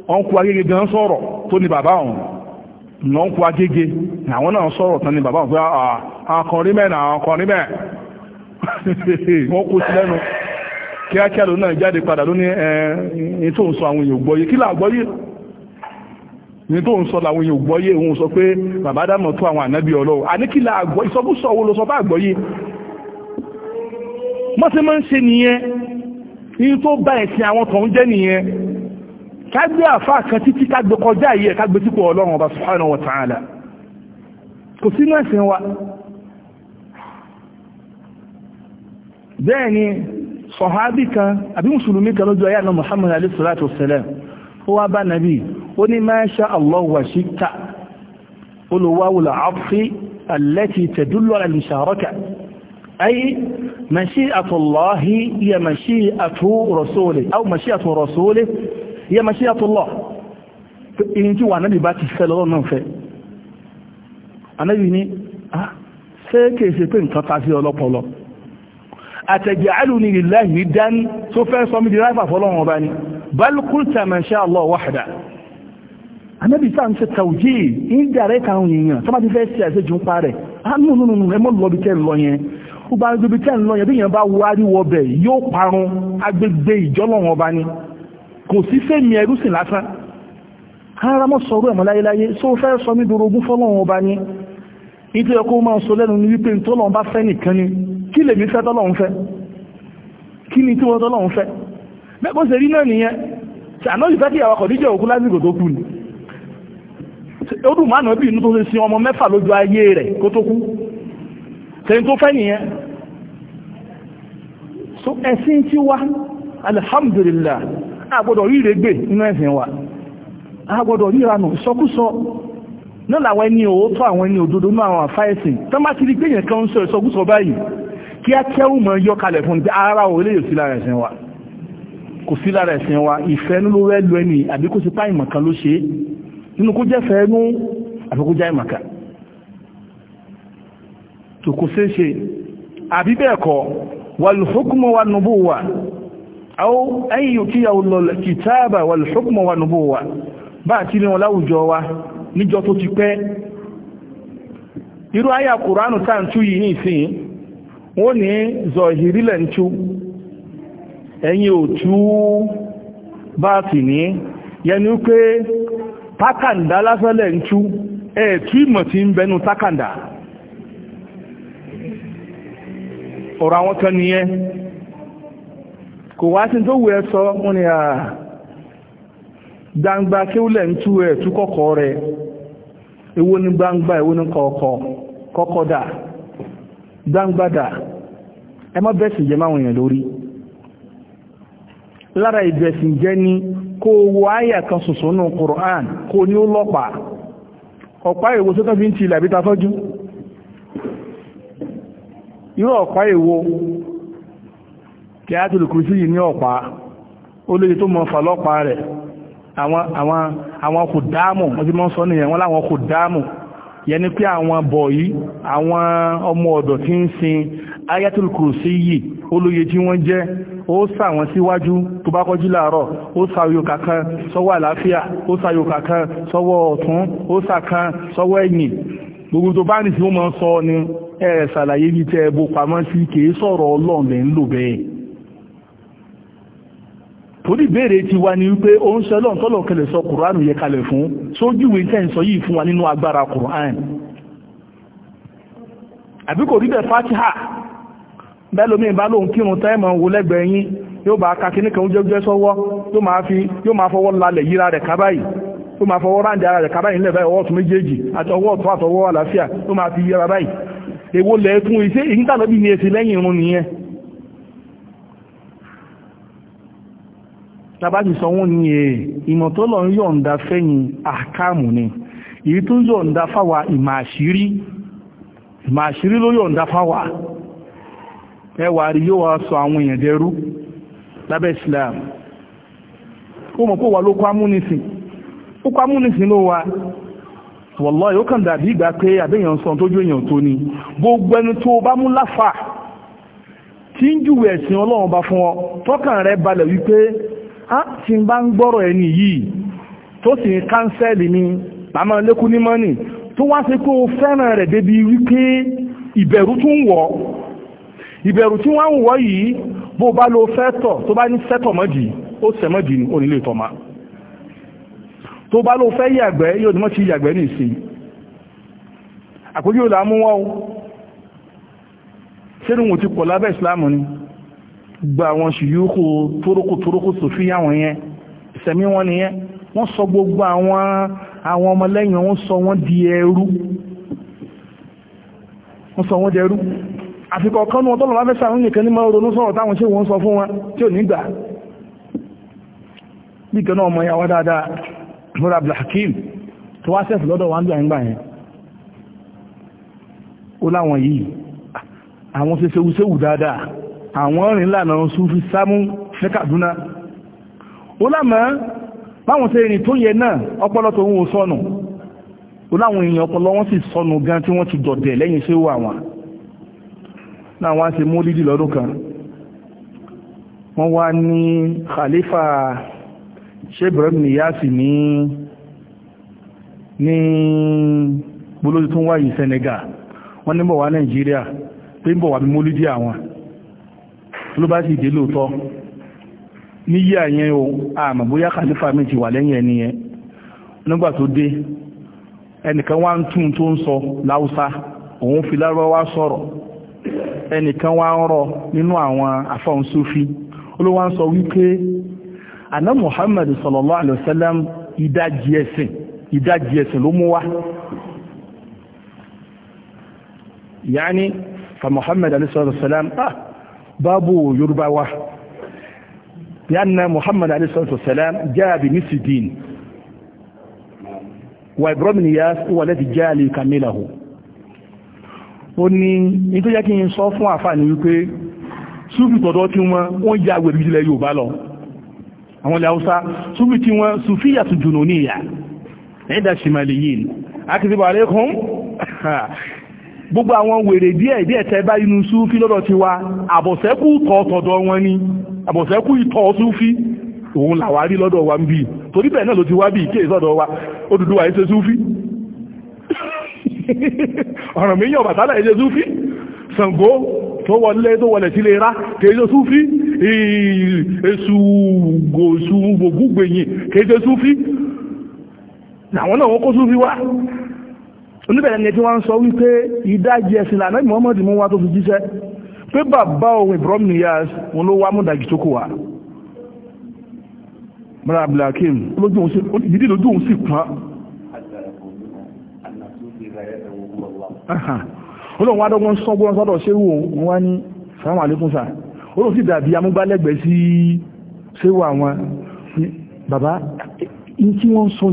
Speaker 1: wọ́n kú agége gan sọ̀rọ̀ tó ní bàbá òun lọ ń kú agége àwọn náà sọ̀rọ̀ tán ní bàbá òun pé akọrin mẹ́rin akọrin mẹ́rin wọ́n kú sí lẹ́nu kíákíá lónìí jáde padà lónìí ẹ̀ ẹ̀ tó ń sọ àwọn èèyàn gbọ́yé kí làgbọ́yé ní tó ń sọ làwọn èèyàn gbọ́yé òun sọ pé bàbá dámọ̀ tó àwọn ànábì ọlọ́run àníkìlà àgbọ́ ìsọkúsọ wo ló sọ bá àgbọ́yé mọ́sí máa ń ṣe nìyẹn ní tó bá ẹ̀sìn àwọn tó ń jẹ́ nìyẹn kágbé àfá kan títí kágbé kọjá yìí kágbé sípò ọlọ́run ọba subhanahu wa ta'ala kò sínú ẹ̀sìn wa bẹ́ẹ̀ ni sọ̀hábì kan àbí mùsùlùmí kan lójú ayé àná Muhammad alayhi salatu wa salam ó wá bá nàbí ó ní ma sha Allah wa shi'ta olùwáwùlà àfi allati tadullu ala al-musharaka أي مشيئة الله هي مشيئة رسوله أو مشيئة رسوله هي مشيئة الله ìyíjú wà náà bá ti fẹ́ lọ́rọ̀ náà fẹ́ anábì ní ah, ṣé kèèṣe pé nǹkan ta sí ọlọ́pọ̀lọ́ ataj'aluni lillahi niddan tó fẹ́ sọ mí di ráfà fọ́lọ́run ọba ni bal qulta ma sha Allah wahda anábì sáà ń ṣe tàwùjí ìdàrẹ́ kan èèyàn tó bá ti fẹ́ ṣe àṣejù ń parẹ̀ ánúnúnú ah, ẹ mọ́ lọ́bi tẹ́ ń lọ yẹn ó bá gbébi tẹ́ ń lọ yẹn bí yẹn bá wáríwọ bẹ̀ yóò parun agbègbè ìjọlọ́wọ́n ọba ni kò sí fẹ́mi ẹrúsìn lásán fẹ́ nìkan ni kí lèmi fẹ́ tọ́lọ́run fẹ́ kí ni tí wọ́n tọ́lọ́run fẹ́ bẹ́ẹ̀kọ́ ṣe rí náà nìyẹn ṣàná ìfẹ́ kí àwọn kọ̀díjẹ́ òkú lásìkò tó kù ni ó dùn mánà bí inú tó ṣe sin ọmọ mẹ́fà lójú ayé rẹ̀ kó tó kú tẹ́yìn tó fẹ́ nìyẹn so ẹ̀sìn tí wá alhamdulillah agbọ́dọ̀ ríre gbè nínú ẹ̀sìn wa agbọ́dọ̀ ríranù ìsọkúsọ náà làwọn ẹni òótọ́ àwọn ẹni òdodo náà àwọn àfáẹ́sìn tán bá ti rí gbèyàn kan ń sọ ìsọkúsọ báyìí kíákíá ò mọ̀ yọ kalẹ̀ fún ti ara ò lè yọ sí lára ẹ̀sìn wa kò sí lára ẹ̀sìn wa ìfẹ́ ló rẹ́ lu ẹni àbí kó sí páì mọ̀kan ló ṣe nínú kó jẹ́ fẹ́ nú àbí kó jẹ́ ìmọ̀kan tó kò ṣeé ṣe àbí bẹ́ẹ̀ kọ́ wàlúhùkùmù wa nùbù wa àwọn ẹ̀yìn yóò kí yàwó lọ kìtàbà wàlúhùkùmù wa nùbù wa bá àti ní wọn láwùjọ wa níjọ tó ti pẹ́ irú àyà kùránù táǹtú yìí ní ìsìn wọ́n ní zọ̀hìrí lẹ́ǹtú ẹ̀yìn òtú báàtì ní yẹnu pé tákàndá lásán lẹ́ǹtú ẹ̀ẹ̀tú ìmọ̀ tí ń bẹnu tákàndá ọ̀rọ̀ àwọn kan nìyẹn kò wá sí tó wù ẹ sọ wọ́n ní àà gbangba kí ó lẹ́ǹtú ẹ̀ẹ̀tú kọ́kọ́ rẹ̀ èwo ni gbangba èwo ni kọ̀ọ̀kọ̀ kọ́kọ́ dáa gbangbada ẹ má bẹ́sìn jẹ́ máwọn èèyàn lórí lára ìbẹ̀sìn jẹ́ ní kó wo àyà kan ṣoṣo nù Qur'an kó ní ó lọ́pàá ọ̀pá èwo tó tọ́bí ń ti ilẹ̀ àbí ta fọ́jú irú ọ̀pá èwo kí á tó lè kúrú sí yìí ní ọ̀pá ó lè tó mọ́ fà lọ́pàá rẹ̀ àwọn kò dáàmù wọ́n ti mọ́ sọ nìyẹn wọ́n láwọn kò dáàmù yẹni pé àwọn bọ̀ yìí àwọn ọmọ ọ̀dọ̀ tí ń sin ayatul kursi yìí olóye tí wọ́n jẹ́ ó sà wọ́n síwájú tó bá kọjú láàárọ̀ ó sà yòókà kan sọ́wọ́ àlàáfíà ó sà yòókà kan sọ́wọ́ ọ̀tún ó sà kan sọ́wọ́ ẹ̀yìn gbogbo tó bá nì tí wọ́n máa sọ ni ẹ̀ bíi tẹ́ ẹ bó pamọ́ sí kì sọ̀rọ̀ ọlọ́ọ̀lẹ́ ń bẹ́ẹ̀ torí ìbéèrè ti wá ní wípé ó ń sẹ́lọ́n tọ́lọ̀ kẹlẹ̀ sọ kùránù yẹ kalẹ̀ fún so tẹ́ ń sọ yìí fún wa nínú agbára kùrán àbí kò rí bẹ̀ ha bẹ́lómi bá lóun kírun tẹ́mọ̀ wo lẹ́gbẹ̀ẹ́ yín yóò ka kíní kan jẹ́jẹ́ sọ́wọ́ yóò máa fọwọ́ lalẹ̀ yíra rẹ̀ kábáyì yóò máa fọwọ́ ráǹdì ara rẹ̀ kábáyì nílẹ̀ báyìí ọwọ́ tún méjèèjì àti ọwọ́ ọ̀tún àtọwọ́ àlàáfíà yóò máa fi yíra báyìí èwo iṣẹ́ ìyíntàlọ́bí ni tàbátì sọ wọ́n ní èè ìmọ̀ tó lọ ń yọ̀ǹda fẹ́yìn àkàmù ni èyí tó yọ̀ǹda fáwa ìmọ̀ àṣírí ìmọ̀ àṣírí ló yọ̀ǹda fáwa ẹwà rí yóò wá sọ àwọn èèyàn dẹrú lábẹ́ Islam ó mọ̀ pé wà ló kọ́ amúnisìn ó kọ́ ló wa wọ̀lọ́ yóò kàn dàbí ìgbà pé àbẹ́yàn sọ tójú èèyàn tó ni gbogbo ẹni tó bá mú láfà tí ń júwẹ̀ ẹ̀sìn Ọlọ́run bá fún ọ tọ́kàn rẹ̀ balẹ̀ wípé á ti bá ń gbọ́rọ̀ ẹni yìí tó sì ń káńsẹ́lì ni bàmọ́ lékún ní mọ́nì tó wá sí kó fẹ́ràn rẹ̀ débi wípé ìbẹ̀rù tún wọ̀ ìbẹ̀rù tí wọ́n ń wọ̀ yìí bó bá lo fẹ́tọ̀ tó bá ní fẹ́tọ̀ mọ́jì ó sẹ̀ mọ́jì ní onílé tọ́mà tó bá lo fẹ́ yàgbẹ́ yóò ní mọ́ yàgbẹ́ ní ìsìn àpójú ìlàmú wọn ó ṣe ti pọ̀ lábẹ́ ìsìlámù ni gba àwọn ṣùyúkù tórókù tórókù sòfí àwọn yẹn ìsẹ̀mí wọn nìyẹn wọ́n sọ gbogbo àwọn àwọn ọmọlẹ́yìn wọ́n sọ wọ́n di ẹrú wọ́n sọ wọ́n di ẹrú àfikọ̀ kan ní wọn tọ́lọ̀ láfẹ́ sàrún nìkan ní máa ronú sọ̀rọ̀ táwọn ṣe wọ́n sọ fún wọn tí ò ní gbà bí kan náà ọmọ ìyàwó dáadáa mọ́ra Abdulhakeem tó wá sẹ́fù lọ́dọ̀ wọn gbà yẹn ó láwọn yìí àwọn ṣe ṣe wúṣẹ́wù dáadáa àwọn ọ̀rìn lànà Sufi Sámú ní Kaduna ó lámọ́ báwọn ṣe rìn tó yẹ náà ọpọlọ tó ń wo sọnù ó láwọn èèyàn ọpọlọ wọn sì sọnù gan tí wọ́n ti dọ̀dẹ̀ lẹ́yìn ṣé wà wọn náà wọ́n ní Khalifa Sheikh Ibrahim Niyasi ní ní gbólójú tó ń wáyé Senegal wọ́n ní bọ̀ wá Nàìjíríà pé ń bọ̀ bí mólídì àwọn ló bá sì dé lóòótọ́ ní yíyà yẹn o àmọ́ bóyá kàlífà méjì wà lẹ́yìn ẹni yẹn nígbà tó dé ẹnìkan wá ń tún tó ń sọ láwùsá òun fi lárọ́wá sọ̀rọ̀ ẹnìkan wá ń rọ nínú àwọn afọ́n sufi olówá ń sọ wípé àná Muhammad sallallahu alaihi wasallam ìdajì ẹ̀sìn ìdajì ẹ̀sìn ló mú wá yáni fa Muhammad alaihi wasallam ah باب يربوة لأن محمد عليه الصلاة والسلام جاء بنفس الدين وإبراهيم بن إياس هو الذي جاء ليكمله ó ní ní tó jẹ́ kí n sọ fún àfààní wípé súfì tọ̀dọ̀ tí wọ́n wọ́n ya wèrè ìjìnlẹ̀ Yorùbá lọ àwọn ilẹ̀ Haúsá súfì tí wọ́n súfì yàtù jùnú ní ìyà ẹ̀dà ṣìmàlì yìí gbogbo àwọn wèrè díẹ̀ díẹ̀ tẹ́ bá inú súfí lọ́dọ̀ ti wa àbọ̀sẹ́kù ìtọ̀ tọ̀dọ̀ wọn ni àbọ̀sẹ́kù ìtọ̀ súfí òun làwà rí lọ́dọ̀ wa ń bí torí bẹ́ẹ̀ náà ló ti wá bí ìké ìsọ́dọ̀ wa Odùduwà ìṣe súfí Ọ̀rànmíyàn Ọbàtálá ìṣe súfí Ṣàngó tó wọlé tó wọlé sílé rá kéèṣe súfí èṣù gbògbògbèyìn kéèṣe súfí làwọn náà wọ́n kó súfí wá oníbẹ̀rẹ̀ ni tí wọ́n ń sọ wípé ìdájí ẹ̀sìn lànà Muhammad mú wá tó fi jíṣẹ́ pé bàbá òun Ibrahim Niyas wọn ló wá múdàjì tó kò wá mara abdulhakeem ìdí lójú òun sì pọ́n olóòwò adọ́gbọ́n sọ́gbọ́n sọ́dọ̀ ṣéwò wọ́n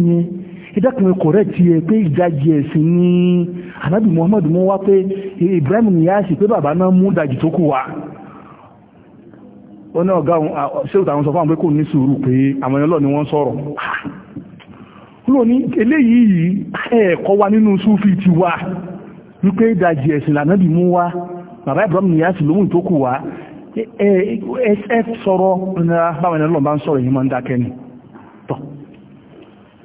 Speaker 1: ní ìdákùnrin correct yẹ pé ìdajì ẹ̀sìn ní anabi muhammad mú wá pé ibrahim niyasi pé bàbá náà mú ìdajì tó kù wá ó ní ọ̀gá ṣéwùtà àwọn sọ fún àwọn pé kò ní sùúrù pé àwọn ẹlọ́ ni wọ́n sọ̀rọ̀ ló ní eléyìí ẹ̀ẹ̀kọ́ wa nínú súfì ti wá wípé ìdajì ẹ̀sìn lànàbì mú wá bàbá ibrahim niyasi lóhùn tó kù wá ẹ sọ̀rọ̀ báwọn ẹlọ́ bá ń sọ̀rọ̀ yìí máa ń dákẹ́ ni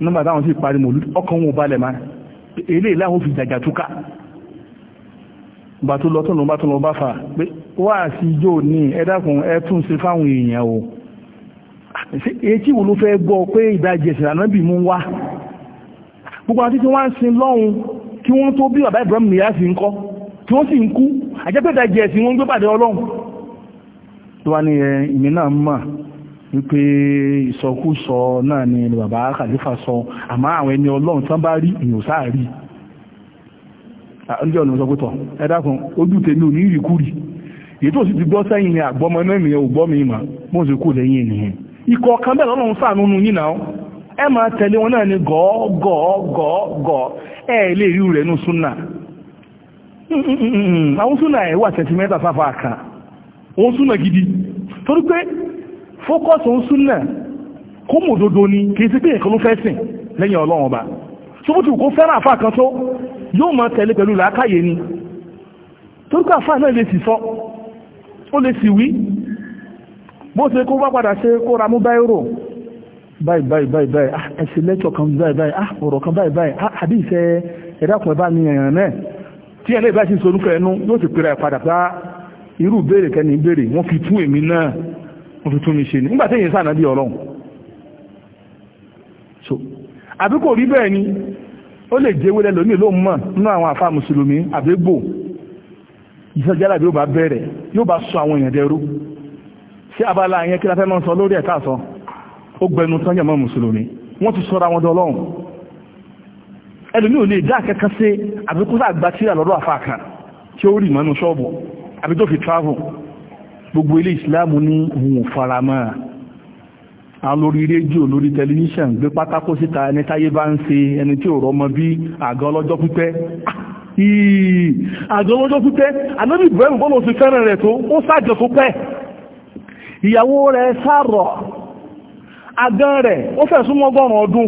Speaker 1: nígbà táwọn sì parí mòlú ọkàn wọn ò balẹ̀ máa ilé ìláhùn fi jàjà túká bá tó lọ tó lọ bá tó lọ bá fà pé wá sí ijó ní ẹ̀dàkùn ẹ̀tún sí fáwọn èèyàn o etí wo ló fẹ́ gbọ́ pé ìdájẹsẹ̀ ànábì mú wá gbogbo àti tí wọ́n wípé ìsọkúsọ náà ni bàbá kàlífà sọ àmọ́ àwọn ẹni ọlọ́run tán bá rí ìyàn rí ọjọ́ ọ̀nà ìsọkútọ̀ ẹ ojú tèmi ò ní ìrìkúrì èyí tó sì ti gbọ́ sẹ́yìn ni àgbọ́mọ náà nìyẹn ò mo fókọ́sì ń súnà kó mọ̀ òdodo ni kì í sí pé nǹkan ló fẹ́ sìn lẹ́yìn ọlọ́run ọba ṣùgbọ́n kò fẹ́ràn àfà kan tó yóò máa tẹ̀lé pẹ̀lú làákàyè ni torúkọ àfà náà lè sì sọ ó lè sì wí bó ṣe kó bá padà ṣe kó ra mú báyìírò báyìí báyìí báyìí báyìí ah ẹsẹ̀ lẹ́tọ̀ kan báyìí báyìí ah ọ̀rọ̀ kan báyìí báyìí ah àbí ìfẹ́ ẹ̀dàkùn ẹ̀bá mi ẹ̀yàn náà tí ẹ̀lẹ́ ìbá ṣe ń sorúkọ ẹnu yóò ti pèrè padà bá ah, irú ìbéèrè kẹ́ni ìbéèrè wọ́n fi tún èmi náà wọ́n fi tún mi ṣe ní nígbà tẹ́yìn sáà nábì ọlọ́run so àbí kò rí bẹ́ẹ̀ ni ó lè jẹ́ wẹ́lẹ́ lómi ló mọ̀ nínú àwọn àfa mùsùlùmí àbẹ́gbò ìṣẹ́jára bí ó bá bẹ̀rẹ̀ yóò bá sọ àwọn èèyàn dẹrú sí abala yẹn kí la fẹ́ máa sọ lórí ẹ̀ka sọ ó gbẹnu tán yẹ̀mọ́ mùsùlùmí wọ́n ti sọ́ra wọn dọ́lọ́run ẹlòmí ò lè dá akẹ́kẹ́ sí àbíkúsà àgbà tí àlọ́dọ̀ kan tí ó rì mọ́nú ṣọ́ọ̀bù àbí tó fi travel gbogbo ilé ìsìláàmù ní ohun faramọ́ àwọn lórí rédíò lórí tẹlifíṣàn gbé pátákó síta ẹni táyé bá ń ṣe ẹni tí ò rọmọ bí àgọ́ ọlọ́jọ́ pípẹ́ àjọ ọlọ́jọ́ pípẹ́ anábì Ibrahim bọ́lọ̀ sí fẹ́ràn rẹ̀ tó ó sájọ tó pẹ́ ìyàwó rẹ̀ sárọ̀ agán rẹ̀ ó fẹ̀ súnmọ́gọ́rùn ọdún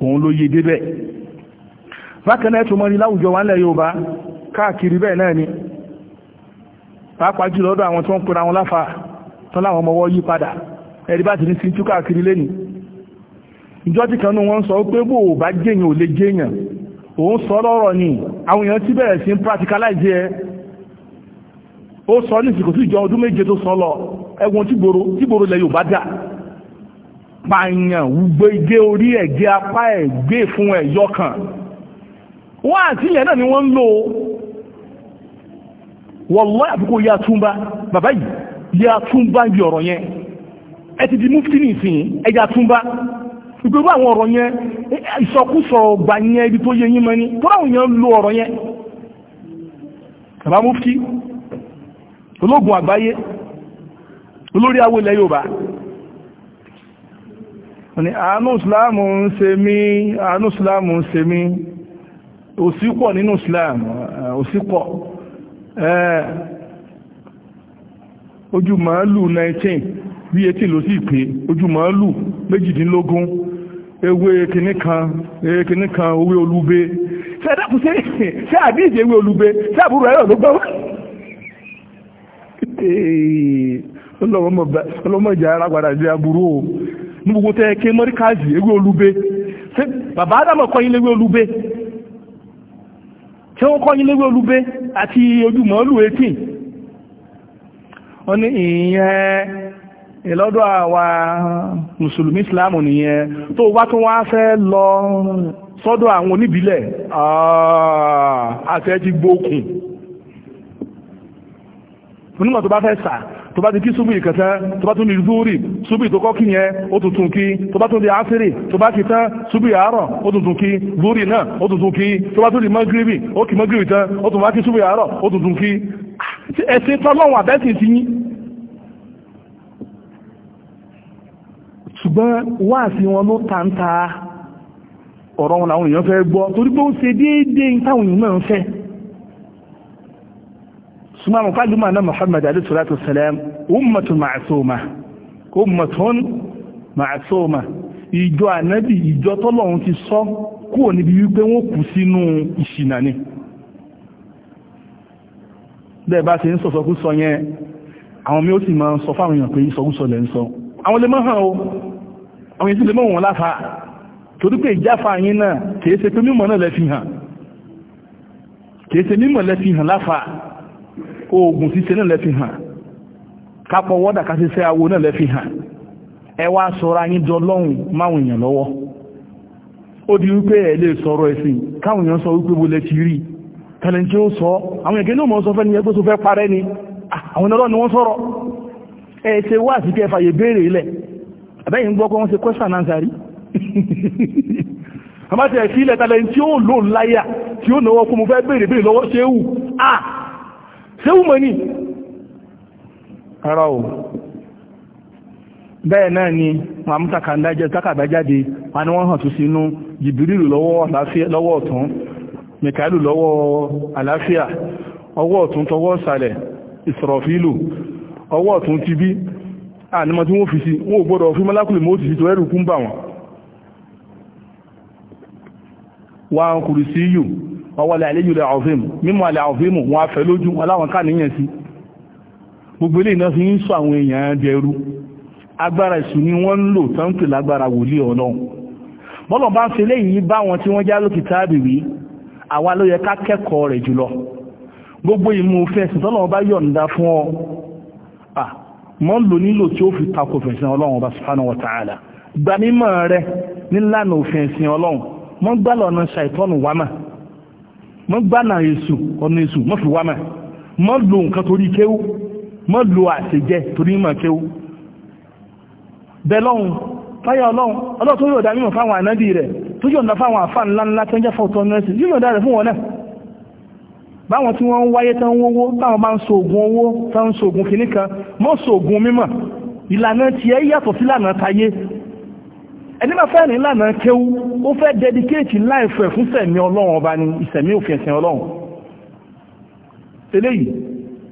Speaker 1: òun ló yé débẹ̀ bákan náà tó mọ́ ní láwùjọ wa nílẹ̀ Yorùbá káàkiri bẹ́ẹ̀ náà ni pàápàá jùlọ ọ̀dọ̀ àwọn tó ń pera wọn láfa tán láwọn ọmọ wọ́n yí padà ẹ̀rí bá ti ní sí tú káàkiri lẹ́ni ìjọ tí kanú wọn sọ pé bò bá jẹ́yàn ò lè jẹ́yàn òun sọ lọ́rọ̀ ni àwọn èèyàn ti bẹ̀rẹ̀ sí practicalize ẹ ó sọ ní ìsìnkò sí ìjọ ọdún méje tó sọ lọ ẹgbọn tí gbòòrò lẹ yóò bá dà pààyàn gbogbo igé orí ẹ̀gẹ́ apá ẹ̀ gbé fún ẹ̀yọ kan wọ́n àti ilẹ̀ náà ni wọ́n ń lò wọ́lọ́ àbúkò ya túnbá bàbá yìí ya túnbá bí ọ̀rọ̀ yẹn ẹ ti di mufti ní ìsìn ẹja túnbá ìgbogbo àwọn ọ̀rọ̀ yẹn ìsọkúsọ ọgbà yẹn ibi tó yẹ yín mọ́ ní tó ráwọn yẹn lo ọ̀rọ̀ yẹn bàbá mufti ológun àgbáyé olórí awolẹ̀ Yorùbá ní àánú ìsìláàmù ń ṣe mí àánú ń mí òsípọ̀ nínú ìsìláàmù òsípọ̀ ojú màálù 19 bí etí ló sì pé ojú màálù méjìdínlógún ewé kìnníkan ewé kìnníkan owó olúbe ṣẹ́dàkù sí àdíjẹ ewé àbúrò ẹ̀rọ ló ọlọ́mọ ìjà ara padà ní gbogbo tẹ́ ké mọ́ríkàzì ewé olúbe ṣé bàbá ádámọ̀ kọ́ yín léwé olúbe ṣé wọ́n kọ́ yín léwé olúbe àti ojú mọ́ọ́lù etí wọ́n ní ìyẹn ìlọ́dọ̀ àwa mùsùlùmí ìsìláàmù nìyẹn tó wá tó wá fẹ́ lọ sọ́dọ̀ àwọn oníbílẹ̀ àfẹ́ ti gbókùn nígbà tó bá fẹ́ sà tó bá ti kí súbù ìkẹta tó bá tún ní zúúrì súbù ìtókọ́ kí yẹn ó tuntun kí tó bá tún di ásírì tó bá kí tán súbù àárọ̀ ó tuntun kí zúúrì náà ó tuntun kí tó bá tún di mọ́gírìbì ó kì mọ́gírìbì tán ó tún bá kí súbù àárọ̀ ó tuntun kí ẹ̀sìn tọ́lọ́wọ̀n àbẹ́sìn ti yín ṣùgbọ́n wáàsí wọn ló tàǹtà ọ̀rọ̀ wọn làwọn èèyàn fẹ́ gbọ́ torí pé ó ṣe déédéé táwọn èèyàn náà fẹ́ ṣùgbọ́n àwọn pàdé máa ná Muhammad alayhi salatu wassalam ummatun ma'asoma ummatun ma'asoma ìjọ ànábì ìjọ tọ́lọ́run ti sọ kúrò níbi wípé wọ́n kù sínú ìṣìnà ni bẹ́ẹ̀ bá ṣe ń sọ̀sọ̀kúsọ yẹn àwọn mi ó sì máa ń sọ fáwọn èèyàn pé ìsọkúsọ lẹ́ ń sọ àwọn lè mọ́ hàn o àwọn èsì lè mọ́ wọn láfa torí pé ìjáfa yín náà kìí ṣe pé mímọ̀ náà lẹ́ fi hàn kìí ṣe mímọ̀ lẹ́ fi hàn láfa oògùn ṣíṣe náà lẹ́fi hàn kápọ̀ wọ́dà ká ṣiṣẹ́ awo náà lẹ́fi hàn ẹ wá ayín jọ lọ́hùn máwọn èèyàn lọ́wọ́ ó di wípé ẹ̀ lè sọ̀rọ̀ ẹ̀sìn sọ wípé wọlé ti rí tẹ̀lé tí ó sọ àwọn èèyàn náà mọ̀ sọ fẹ́ni ẹgbẹ́ tó fẹ́ parẹ́ ni ah, àwọn ọlọ́ni wọ́n sọ̀rọ̀ ẹ ṣe wá àti kí ẹ fàyè béèrè àbẹ́yìn gbọ́ pé wọ́n ṣe àbájá ilẹ̀ tẹ̀lé tí ó lò láyà tí ó ṣé wù ní ara o bẹ́ẹ̀ náà ni wọn mọ́tàkàndá jẹ́ tákàdá jáde wọn ni wọ́n hàn tó sínú jìbìrìlù lọ́wọ́ ọ̀tún mẹ́kàílù lọ́wọ́ àlàáfíà ọwọ́ ọ̀tún tọwọ́ ìsàlẹ̀ ìsọ̀rọ̀fílù ọwọ́ ọ̀tún ti bí ànímọ̀ tí wọ́n fi sí wọ́n gbọ́dọ̀ fí mọ́ òtìsí tó ẹrù wọn wọ́n kùrù sí wọ́n wọlé àlejò lè àwọ̀fíìmù mímọ̀ àlè àwọ̀fíìmù wọn afẹ́ lójú wọn káníyàn sí gbogbo ilé iná ń sọ àwọn èèyàn jẹrú agbára ìsù ni wọ́n ń lò tán pè lágbára wòlíì ọlọ́run bọ́lọ̀ bá ń fi léyìí bá wọn tí wọ́n já lókè táàbì wí àwa ló yẹ ká kẹ́kọ̀ọ́ rẹ̀ jùlọ gbogbo ìmú fẹ̀sìn tọ́lọ́run bá yọ̀ǹda fún ọ mọ́ ń lò nílò tí ó fi takò fẹ̀sìn ọlọ́run bá subhanahu wa ta'ala gbanímọ̀ rẹ nílànà òfin ẹ̀sìn ọlọ́run mọ́ gbálọ̀nà ṣàìtọ́nù wámà mọ́ gbànà èṣù ọ̀nà èṣù mọ́ fi wá mà mọ́ lo nǹkan torí kéwú mọ́ lo àṣejẹ torí mọ̀ kéwú bẹ́ẹ̀ lọ́hùn fáyà ọlọ́run ọlọ́run tó yọ̀ dá mímọ̀ fáwọn ànábì rẹ̀ tó yọ̀ǹda fáwọn àfà ńlá ńlá tó ń jẹ́ fọ́tọ̀ nọ́ọ̀sì yóò yọ̀ǹda rẹ̀ fún wọn náà báwọn tí wọ́n ń wáyé tán wówó táwọn bá ń so oògùn owó tán ń so oògùn kìíní kan mọ́ so oògùn mímọ̀ ìlànà tiẹ̀ yàtọ̀ sílànà tayé ẹni máa fẹ́ ní ìlànà kéwú ó fẹ́ dedicate life ẹ̀ fún sẹ̀mí ọlọ́run ọba ni ìsẹ̀mí na ọlọ́run eléyìí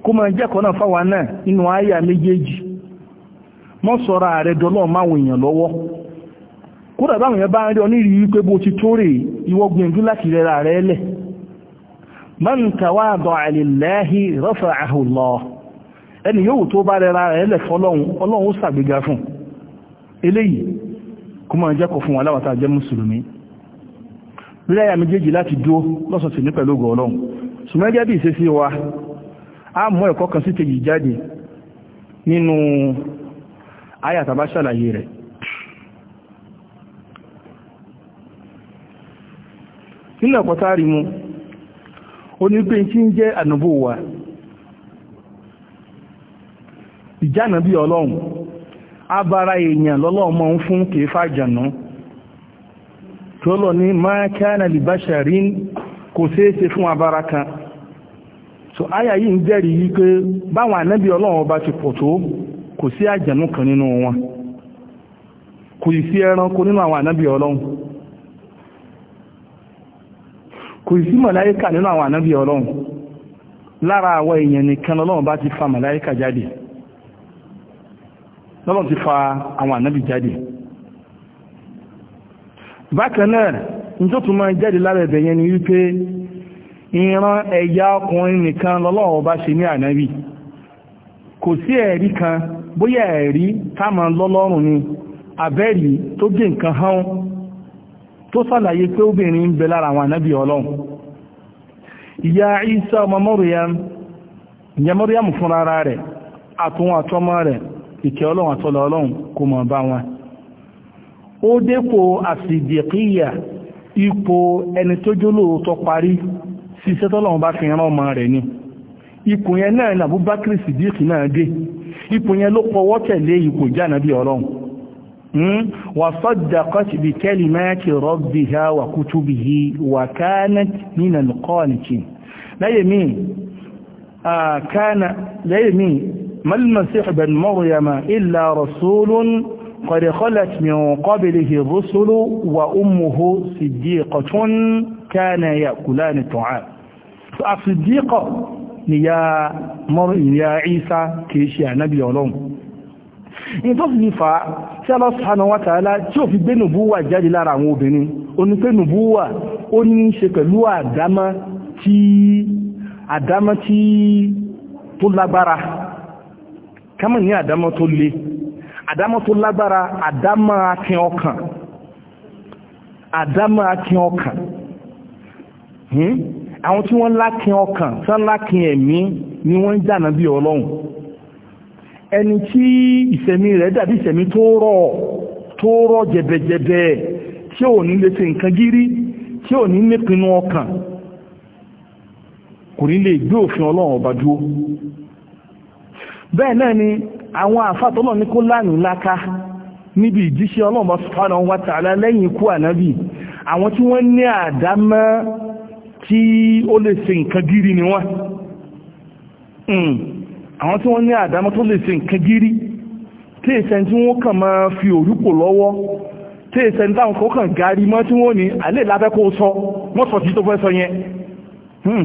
Speaker 1: kó máa jẹ́kọ̀ọ́ náà fáwa náà nínú àyà méjèèjì mọ́ sọ́ra ààrẹ dọ́lọ́ọ̀ máwọn èèyàn lọ́wọ́ kódà báwọn bá ń rí ọ nírìí wípé bó ti tó rè ìwọ gbìyànjú láti rẹra lẹ̀ ẹni yóò tó bá lẹ̀ fọlọ́run ọlọ́run ó fún kó máa jẹ́kọ̀ fún wọn láwàtà jẹ́ mùsùlùmí lórí àyà méjèèjì láti dúó lọ́sọ̀ sí ní pẹ̀lú ògùn ọlọ́run ṣùgbọ́n gẹ́gẹ́ bí ìṣesí wa a mú ẹ̀kọ́ kan sí kejì jáde nínú àyà ṣàlàyé rẹ̀ nínú ẹ̀kọ́ rí mu ó ní pé tí ń jẹ́ ànàbò wa ìjánàbí ọlọ́run abara èèyàn lọ́lọ́mọ ń fún kìí fàjànú tó lọ ní basharin kò fún abara kan so aya yìí ń jẹ́rìí yí pé báwọn ànábì ọlọ́run ọba ti pọ̀ tó kò kan nínú wọn kò sí àwọn kò sí àwọn lára èèyàn nìkan fa jáde lọ́lọ́ ti fa àwọn ànábì jáde bákan náà nítorí tó máa jáde yẹn ni wípé ìran ẹ̀yà ọkùnrin nìkan lọ́lọ́wọ́ bá ṣe ní ànábì kò sí ẹ̀rí kan bóyá ẹ̀rí táàmà lọ́lọ́rùn ni abẹ́rí tó gé nǹkan hán tó sàlàyé pé obìnrin ń bẹ lára àwọn ànábì ọlọ́run ìyá Isa ọmọ Maryam ìyá Maryam fúnra rẹ̀ àtúnwàtọ́mọ́ ìkẹ́ ọlọ́run àtọ́lọ ọlọ́run kó mọ̀ bá wọn ó dépò àsìdìkíyà ipò ẹni tó jólóòótọ́ parí ṣiṣẹ́ tọ́lọ́run bá fi rán ọmọ rẹ̀ ni ipò yẹn náà ní Abubakar Siddiq náà dé ipò yẹn ló pọwọ́ tẹ̀lé ipò jánàbí ọlọ́run hmm? wa saddaqat bi kalimati rabbiha wa kutubihi wa kanat minal qanitin lẹ́yìn míì ما المسيح بن مريم إلا رسول قد خلت من قبله الرسل وأمه صديقة كان يأكلان الطعام فالصديقة يا مريم يا عيسى كيشي نبي الله in tó fi fa tí Allah subhanahu wa ta'ala tí ó fi gbé nùbúwà jáde lára àwọn obìnrin ó nùbúwà ó ní ṣe pẹ̀lú àdámá tí àdámá tí tó lágbára kama ni àdámọ́ to le àdámọ́ to lágbára Adama akin ọkàn Adama akin ọkàn hmm? àwọn tí wọ́n lákin ọkàn san lákin ẹ̀mí ni wọ́n ń jànà bí ọlọ́run ẹni tí ìsẹ̀mí rẹ̀ dàbí ìsẹ̀mí tó rọ̀ kò ní lè gbé òfin ọlọ́run ọba bẹ́ẹ̀ náà ni àwọn àfàtọ́lọ̀ ní kó lánù láká níbi ìjíṣẹ́ ọlọ́mọ subhanahu wa ta'ala lẹ́yìn ikú ànábì àwọn tí wọ́n ní àdámọ́ tí ó lè ṣe nǹkan gírí ni wọ́n hmm. tí wọ́n kàn máa fi òrùpò lọ́wọ́ tí èsẹ̀ táwọn kọ́ kàn mọ́ tí wọ́n ní alẹ́ lábẹ́ sọ wọ́n sọ tí tó fẹ́ sọ yẹn hmm.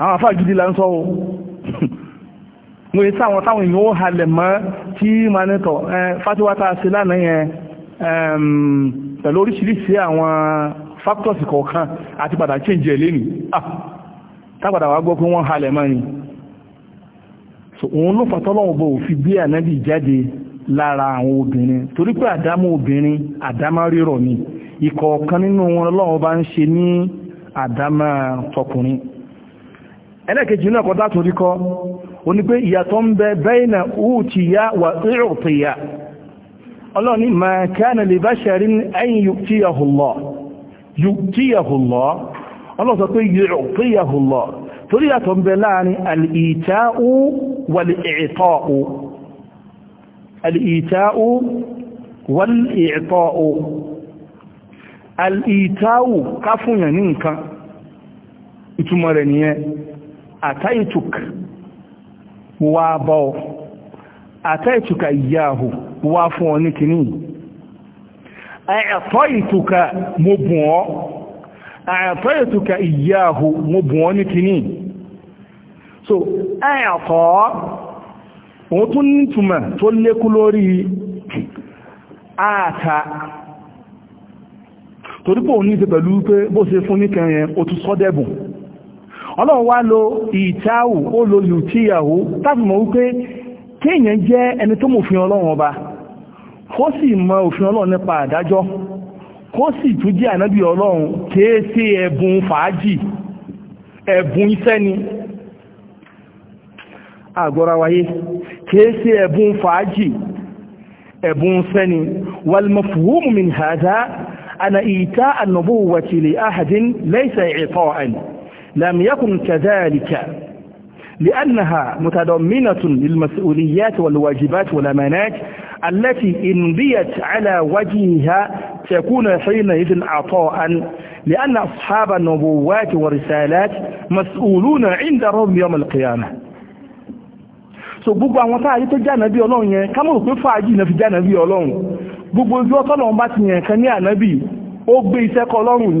Speaker 1: àwọn àfáà gidi là ń sọ o wọ́n yìí sáwọn táwọn èèyàn ó halẹ̀ mọ́ tí ma ní tọ̀ fátíwátá sí lánàá yẹn pẹ̀lú oríṣiríṣi àwọn factors kọ̀ọ̀kan àti padà change ẹ̀ lẹ́nu tápadà wá gbọ́ pé wọ́n halẹ̀ mọ́ ni òun ló fàtọ́lọ́wọ́ bọ̀ òfin bí ànábì jáde lára àwọn obìnrin torí pé àdámọ́ obìnrin àdámọ́ rírọ̀ ni ìkọ̀ọ̀kan nínú wọn lọ́wọ́ bá ń ṣe ní àdámọ́ tọkùnrin ẹlẹ́kejì náà kọ́ dátòrí kọ́ ó ní pé ìyàtọ̀ ń bẹ bẹ́ẹ̀nà útìyà wà ìrùtìyà ọlọ́run ní ma kana li basharin an yu'tiyahullah yu'tiyahullah ọlọ́run sọ pé yu'tiyahullah torí ìyàtọ̀ ń bẹ láàrin al-ita'u wal-i'ta'u ní nǹkan ìtumọ̀ rẹ̀ nìyẹn àtàìtùk mo wá bá ọ àtẹ́ ìtùkà ìyáhù mo wá fún ọ ní kìíní àyàtọ́ ìtùkà mo bùn ọ́ àyàtọ́ ìtùkà ìyáhù mo bùn ọ ní kìíní so àyàtọ́ òun tún nítumọ̀ tó lékú lórí ààta torípò ní ti pẹ̀lú pé bó ṣe fún níkẹrin ó tún sọ́dẹ̀bùn ọlọ́run wá lo ìtaáwù ó lo yùtíyàwó tábí mọ̀ wípé kéèyàn jẹ́ ẹni tó mòfin ọlọ́run ọba kó sì mọ òfin ọlọ́run nípa àdájọ́ kó sì tún jẹ́ ànábì ọlọ́run kìí ṣe ẹ̀bùn fàájì ẹ̀bùn iṣẹ́ ni àgọ́ra wáyé kìí ẹ̀bùn fàájì ẹ̀bùn iṣẹ́ ni wàlmọ̀fùhùmù min ìta ànàbó wàtìlẹ̀ ahàdín lẹ́sẹ̀ ìtọ́ ẹni لم يكن كذلك لأنها متضمنة للمسؤوليات والواجبات والأمانات التي إن بيت على وجهها تكون حينئذ عطاء لأن أصحاب النبوات والرسالات مسؤولون عند ربهم يوم القيامة so gbogbo àwọn táàrí tó jáàna bí ọlọ́run yẹn ká mọ̀ pé fàájì náà fi jáàna bí ọlọ́run gbogbo ojú ọtọ́lọ́run bá ti yẹn kan ní ànábì ó gbé iṣẹ́ kọ lọ́rùn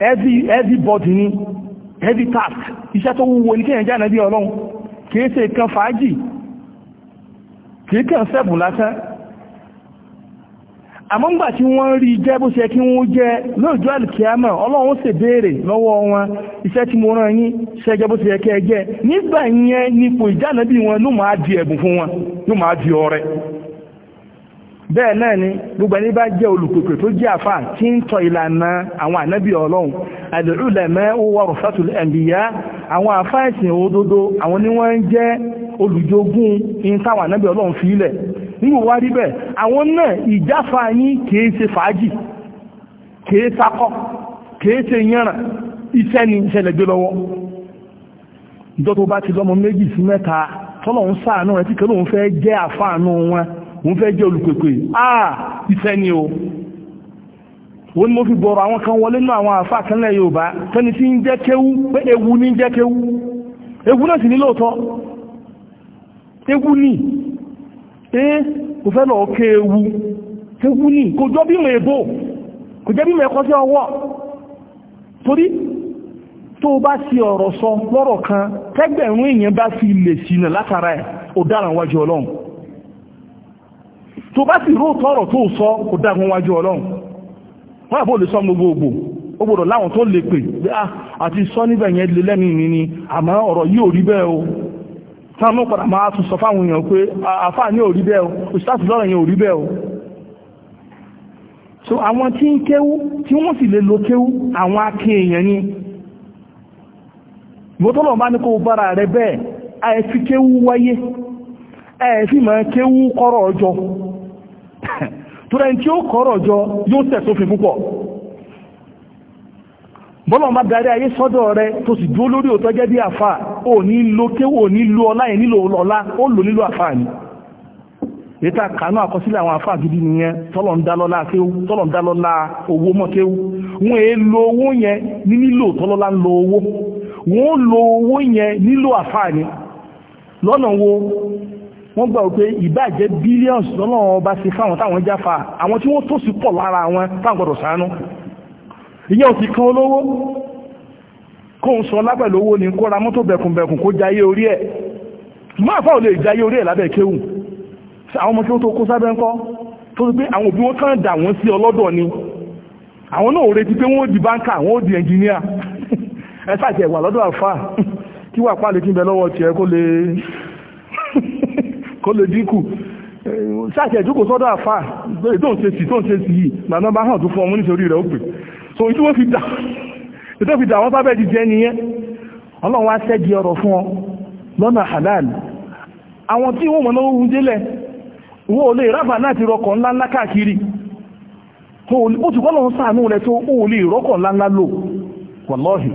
Speaker 1: every everybody ni every task iṣẹ́ tó wúwo ní kéèyàn jáde bí ọlọ́run kìí ṣe kan fàájì kìí kàn sẹ́bù lásán àmọ́ tí wọ́n rí jẹ́ ṣe kí wọ́n jẹ́ wọn iṣẹ́ tí mo rán ṣe jẹ́ bó ṣe kẹ́ nígbà yẹn nípò wọn ló máa di ẹ̀bùn fún wọn bẹ́ẹ̀ náà ni gbogbo ẹni bá jẹ́ olùpèpè tó jẹ́ àfà tí ń tọ ìlànà àwọn ànábì ọlọ́run al-ulama warasatul anbiya àwọn àfà ìsìn òdodo àwọn ni wọ́n ń jẹ́ olùjogún in táwọn ànábì ọlọ́run fi ilẹ̀ nígbò wá rí bẹ́ẹ̀ àwọn náà ìjáfà yín kìí ṣe fàájì kìí sakọ kìí ṣe yànrà iṣẹ́ ni ìṣẹ̀lẹ̀ gbé lọ́wọ́ ìjọ tó bá ti lọ́mọ méjì sí mẹ́ta tọ́lọ̀ ń rẹ̀ tí kẹ́lóun fẹ́ jẹ́ àfáànú wọn òun fẹ́ jẹ́ olùpèpè àà ìfẹ́ ni o ó ní mo fi gbọ́rọ̀ àwọn kan wọlé nínú àwọn àfáà kan Yorùbá tẹ́ni tí ń jẹ́ kéwú pé ewu ní jẹ́ kéwú ewu náà sì ní lóòótọ́ ewu ní ẹ́ kò fẹ́ lọ ké ewu ewu ní kò jọ bí mọ̀ èbò kò jẹ́ bí mọ̀ ẹ̀kọ́ sí ọwọ́ torí tó bá sí ọ̀rọ̀ sọ lọ́rọ̀ kan tẹ́gbẹ̀rún èèyàn bá fi lè sínà látara ẹ̀ ó dára wájú Ọlọ́run tó bá sì róòtọ́ ọ̀rọ̀ tó sọ kò dágun wájú ọlọ́run wọ́n àbò lè sọ gbogbo ó gbọ́dọ̀ láwọn tó lè pè àti ah, sọ níbẹ̀ yẹn lè lẹ́nu ìní ni àmọ́ ọ̀rọ̀ yìí ò rí bẹ́ẹ̀ o táwọn padà máa tún sọ fáwọn èèyàn pé àfáà ní ò rí so àwọn tí ń kéwú tí wọ́n sì lè lo kéwú àwọn akin èèyàn ni ìwọ́tọ́lọ̀ bá ní kó ọjọ́ tóra ẹni tí ó kọ́rọ̀ jọ yóò tẹ̀sófin púpọ̀ bọ́lọ̀ bá darí ayé sọ́dọ̀ rẹ tó sì dúró lórí òtọ́ jẹ́ bí àfà ò ní lo kéwò ní lo ọlá ẹ̀ nílò ọlá ó lò nílò àfà ni ètà kanú àkọsílẹ̀ àwọn àfà gidi nìyẹn tọ́lọ̀ ń dálọ́lá lo owó yẹn ní nílò tọ́lọ́lá ń lo wo wọ́n gbà wípé ìbàjẹ́ billions lọ́nà ọba sí fáwọn táwọn jáfa àwọn tí wọ́n tó sí pọ̀ lára wọn táwọn gbọ́dọ̀ ṣàánú ò sì kan olówó kó ń sọ lábẹ̀lú ní kóra mọ́tò bẹ̀kùnbẹ̀kùn kó jayé orí ẹ̀ máa fáwọn lè jayé orí ẹ̀ lábẹ́ kéwù àwọn ọmọ tí ó tó kó sábẹ́ kó lè dínkù ṣáàṣẹ̀ ìjókòó sọ́dọ̀ àfà tó ń na yìí bá hàn tó fún ọmọ nítorí rẹ̀ ó pè so ìtú wọ́n fi dà ìtú fi dà wọ́n sábẹ́ ti jẹ́ nìyẹn ọlọ́run wá ṣẹ́gi ọ̀rọ̀ fún ọ lọ́nà halal àwọn tí wọ́n mọ̀ náà délẹ̀ wọ́n ò lè rábà náà ti rọkọ̀ ńláńlá káàkiri ó ti kọ́ lọ́run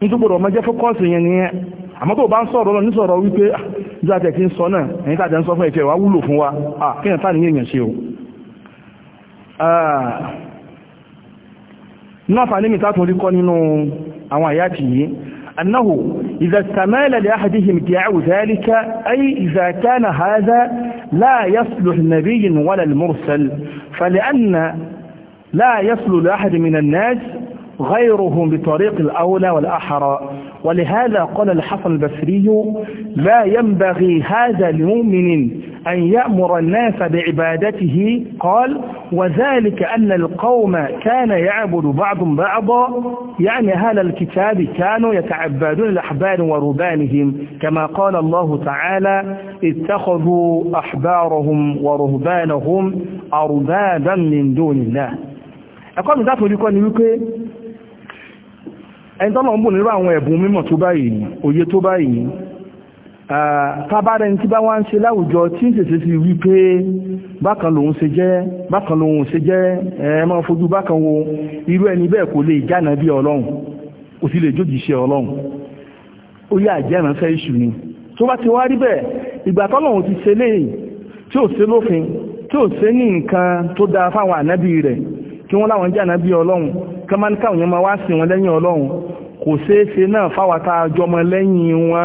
Speaker 1: nítorí ọmọ jẹ́ fókọ́ọ̀sì yẹn ni ẹ́ àmọ́ tó bá ń sọ̀rọ̀ lọ nísọ̀rọ̀ wípé ìjọ́tẹ̀ kí ń sọ náà ẹ̀yìn tàbí ń sọ fún ẹ̀fẹ́ wá wúlò fún wa kíyàn tàbí èèyàn ṣe o náà fà ní mìtàtún rí kọ́ nínú àwọn àyàtì yìí annahu idha istamala li ahadihim da'u dhalika ay idha kana hadha la yasluh nabiyyin wala al-mursal fa li anna la yasluh li ahadin min an-nas غيرهم بطريق الأولى والأحرى ولهذا قال الحسن البصري لا ينبغي هذا لمؤمن أن يأمر الناس بعبادته قال وذلك أن القوم كان يعبد بعض بعضا يعني أهل الكتاب كانوا يتعبدون الأحبار ورهبانهم كما قال الله تعالى اتخذوا أحبارهم ورهبانهم أربابا من دون الله أقول mi dáfò kọ́ ni wípé ẹni tọ́lọ̀ ń bò nírú àwọn ẹ̀bùn mímọ̀ tó báyìí òye tó báyìí tábàrẹ̀ ní tí bá wá ń ṣe láwùjọ tí ń tètè sí wí pé bákan lòun ṣe jẹ́ bákan lòun ṣe jẹ́ ẹ máa fojú bákan wo irú ẹni bẹ́ẹ̀ kò lè jánà bí ọlọ́run kò sì lè jójìṣẹ́ ọlọ́run ó yà jẹ́ránṣẹ́ ìṣù ni tó bá ti wá rí bẹ́ẹ̀ ìgbà tọ́lọ́run ti ṣe léyìí tí ò ṣe lófin tí ò ṣe ní nǹkan tó dáa fáwọn ànábì rẹ̀ kí wọ́n láwọn jẹ́ ànábí ọlọ́run kí wọ́n máa ní káwọn yẹn máa wá sí wọn lẹ́yìn ọlọ́run kò ṣeéṣe náà fáwọn tá a jọmọ lẹ́yìn wọn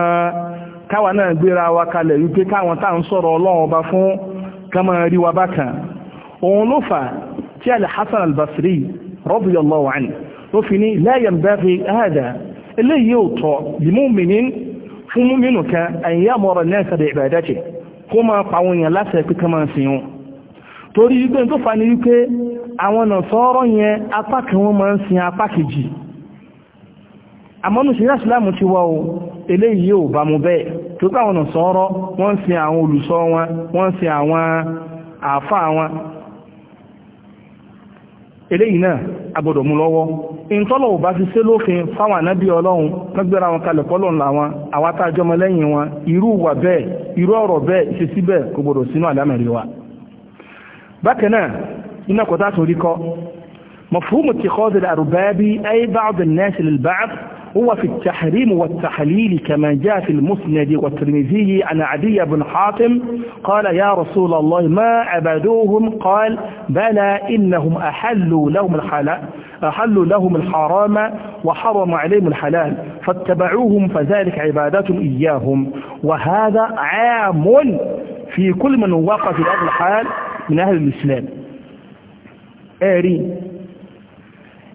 Speaker 1: káwa náà gbéra wa kalẹ̀ wípé káwọn tá à ń sọ̀rọ̀ ọlọ́run ọba fún ká rí wa bákan òun ló fà tí al-Hasan al-Basri radiyallahu ló fi ní la yanbaghi hada eléyìí ò tọ́ lil-mu'minin fún múmínù kan an ya'mura an-nasa bi ibadatihi kó máa pa èèyàn láṣẹ pé ká máa wọn torí wípé tó fà ní wípé àwọn nàṣọ́rọ̀ yẹn apá kan wọ́n máa ń sin apá kejì àmọ́nù sí ìsìláàmù ti wá o eléyìí ò bá mu bẹ́ẹ̀ tó bá àwọn nàṣọ́rọ̀ wọ́n ń sin àwọn olùṣọ́ wọn wọ́n ń sin àwọn àáfàá wọn eléyìí náà agbọ́dọ̀ mú lọ́wọ́ ìntọ́lọ̀ ò bá fi sé lófin fáwọn ànábí ọlọ́run lọ́gbẹ̀rẹ̀ àwọn kalẹ̀ pọ́lọ̀n làwọn àwátájọmọlẹ́yìn wọn irú wà bẹ́ẹ̀ irú ọ̀rọ̀ bẹ́ẹ̀ ṣe síbẹ̀ kò gbọ́dọ̀ sínú àdámẹ̀rí بكنا náà nínú àkọ́tà tó مفهوم اتخاذ الأرباب أي بعض الناس للبعض هو في التحريم والتحليل كما جاء في المسند والترمذي عن عدي بن حاتم قال يا رسول الله ما عبدوهم قال بلى إنهم أحلوا لهم الحلال أحلوا لهم الحرام وحرم عليهم الحلال فاتبعوهم فذلك عبادات إياهم وهذا عام في كل من وقع في الأرض الحال minahil muslim ẹ̀rí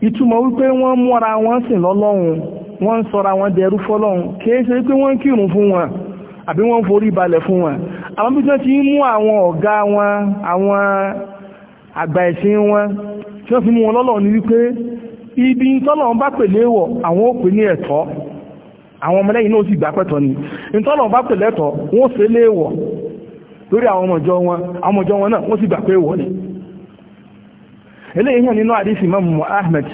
Speaker 1: ìtumọ̀ wípé wọ́n múra wọn sìn lọ́lọ́run wọ́n ń sọra wọn dẹrú fọ́lọ́run kìí ṣe wípé wọ́n ń kírun fún wọn àbí wọ́n ń forí balẹ̀ fún wọn àwọn bí wọ́n ti mú àwọn ọ̀gá wọn àwọn àgbà ẹ̀sìn wọn tí wọ́n fi mú wọn lọ́lọ́run ni wípé ibi tọ́lọ́run bá pèlè wọ̀ àwọn ò pè ní ẹ̀tọ́ àwọn ọmọlẹ́yìn náà sì gbà pẹ̀tọ́ ni ìtọ́lọ́run bá pèlè ẹ̀tọ́ wọ́n ṣe léèwọ̀ lórí àwọn ọmọjọ́ wọn àwọn ọmọjọ́ wọn náà wọ́n sì gbà pé wọ́n ni eléyìí hàn nínú àdísì mọ́mù ahmed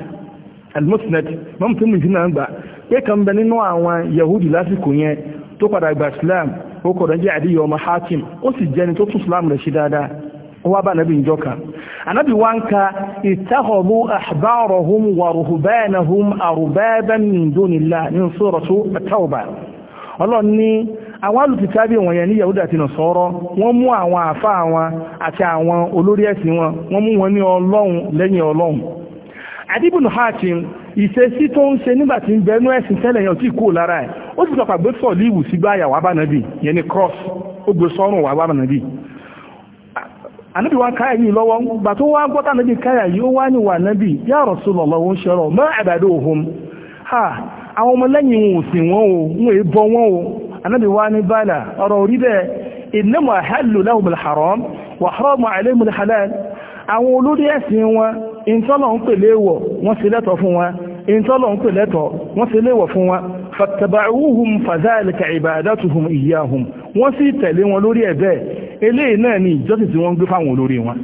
Speaker 1: al-musnad mọ́mù tó mú ìdí náà gbà pé kan bẹ nínú àwọn yahudi lásìkò yẹn tó padà gba islam ó kọ̀dọ̀ jẹ́ àdíyẹ ọmọ hakim ó sì jẹni tó tún islam rẹ̀ ṣe dáadáa ọlọ́ni àwọn alùpùpù wọn yẹn ní Yahuda àti Nasara wọ́n mú àwọn àáfàá wọn àti àwọn olórí ẹ̀sìn wọn wọ́n mú wọn ní ọlọ́run lẹ́yìn ọlọ́run àdìbùn Hatim ìṣesí tó ń ṣe nígbà tí ń bẹnu ẹ̀sìn tẹ́lẹ̀ yẹn ò tí kúrò lára ẹ̀ ó sì sọ pàgbé sọ̀lì ìwù sígbà àyàwó abánàbì yẹn ni cross ó gbé sọ́rùn wà abánàbì ànábì wá káyà yìí lọ́wọ́ gbà tó wá gbọ́tà ànábì káyà yìí ó wá ní wà ànábì ya Rasulullah ń ṣe ọ̀rọ̀ mọ́ àbàdo òhun ha àwọn ọmọlẹ́yìn wọn ò sìn wọn o wọn èé bọ wọn o anábì wá ní bala ọ̀rọ̀ orí bẹ́ẹ̀ ìnáwó àhálù láhùmùl haram wà haramu àlẹ́mùl halal àwọn olórí ẹ̀sìn wọn ìntọ́lọ̀ ń pè léèwọ̀ wọ́n ṣe lẹ́tọ̀ fún wọn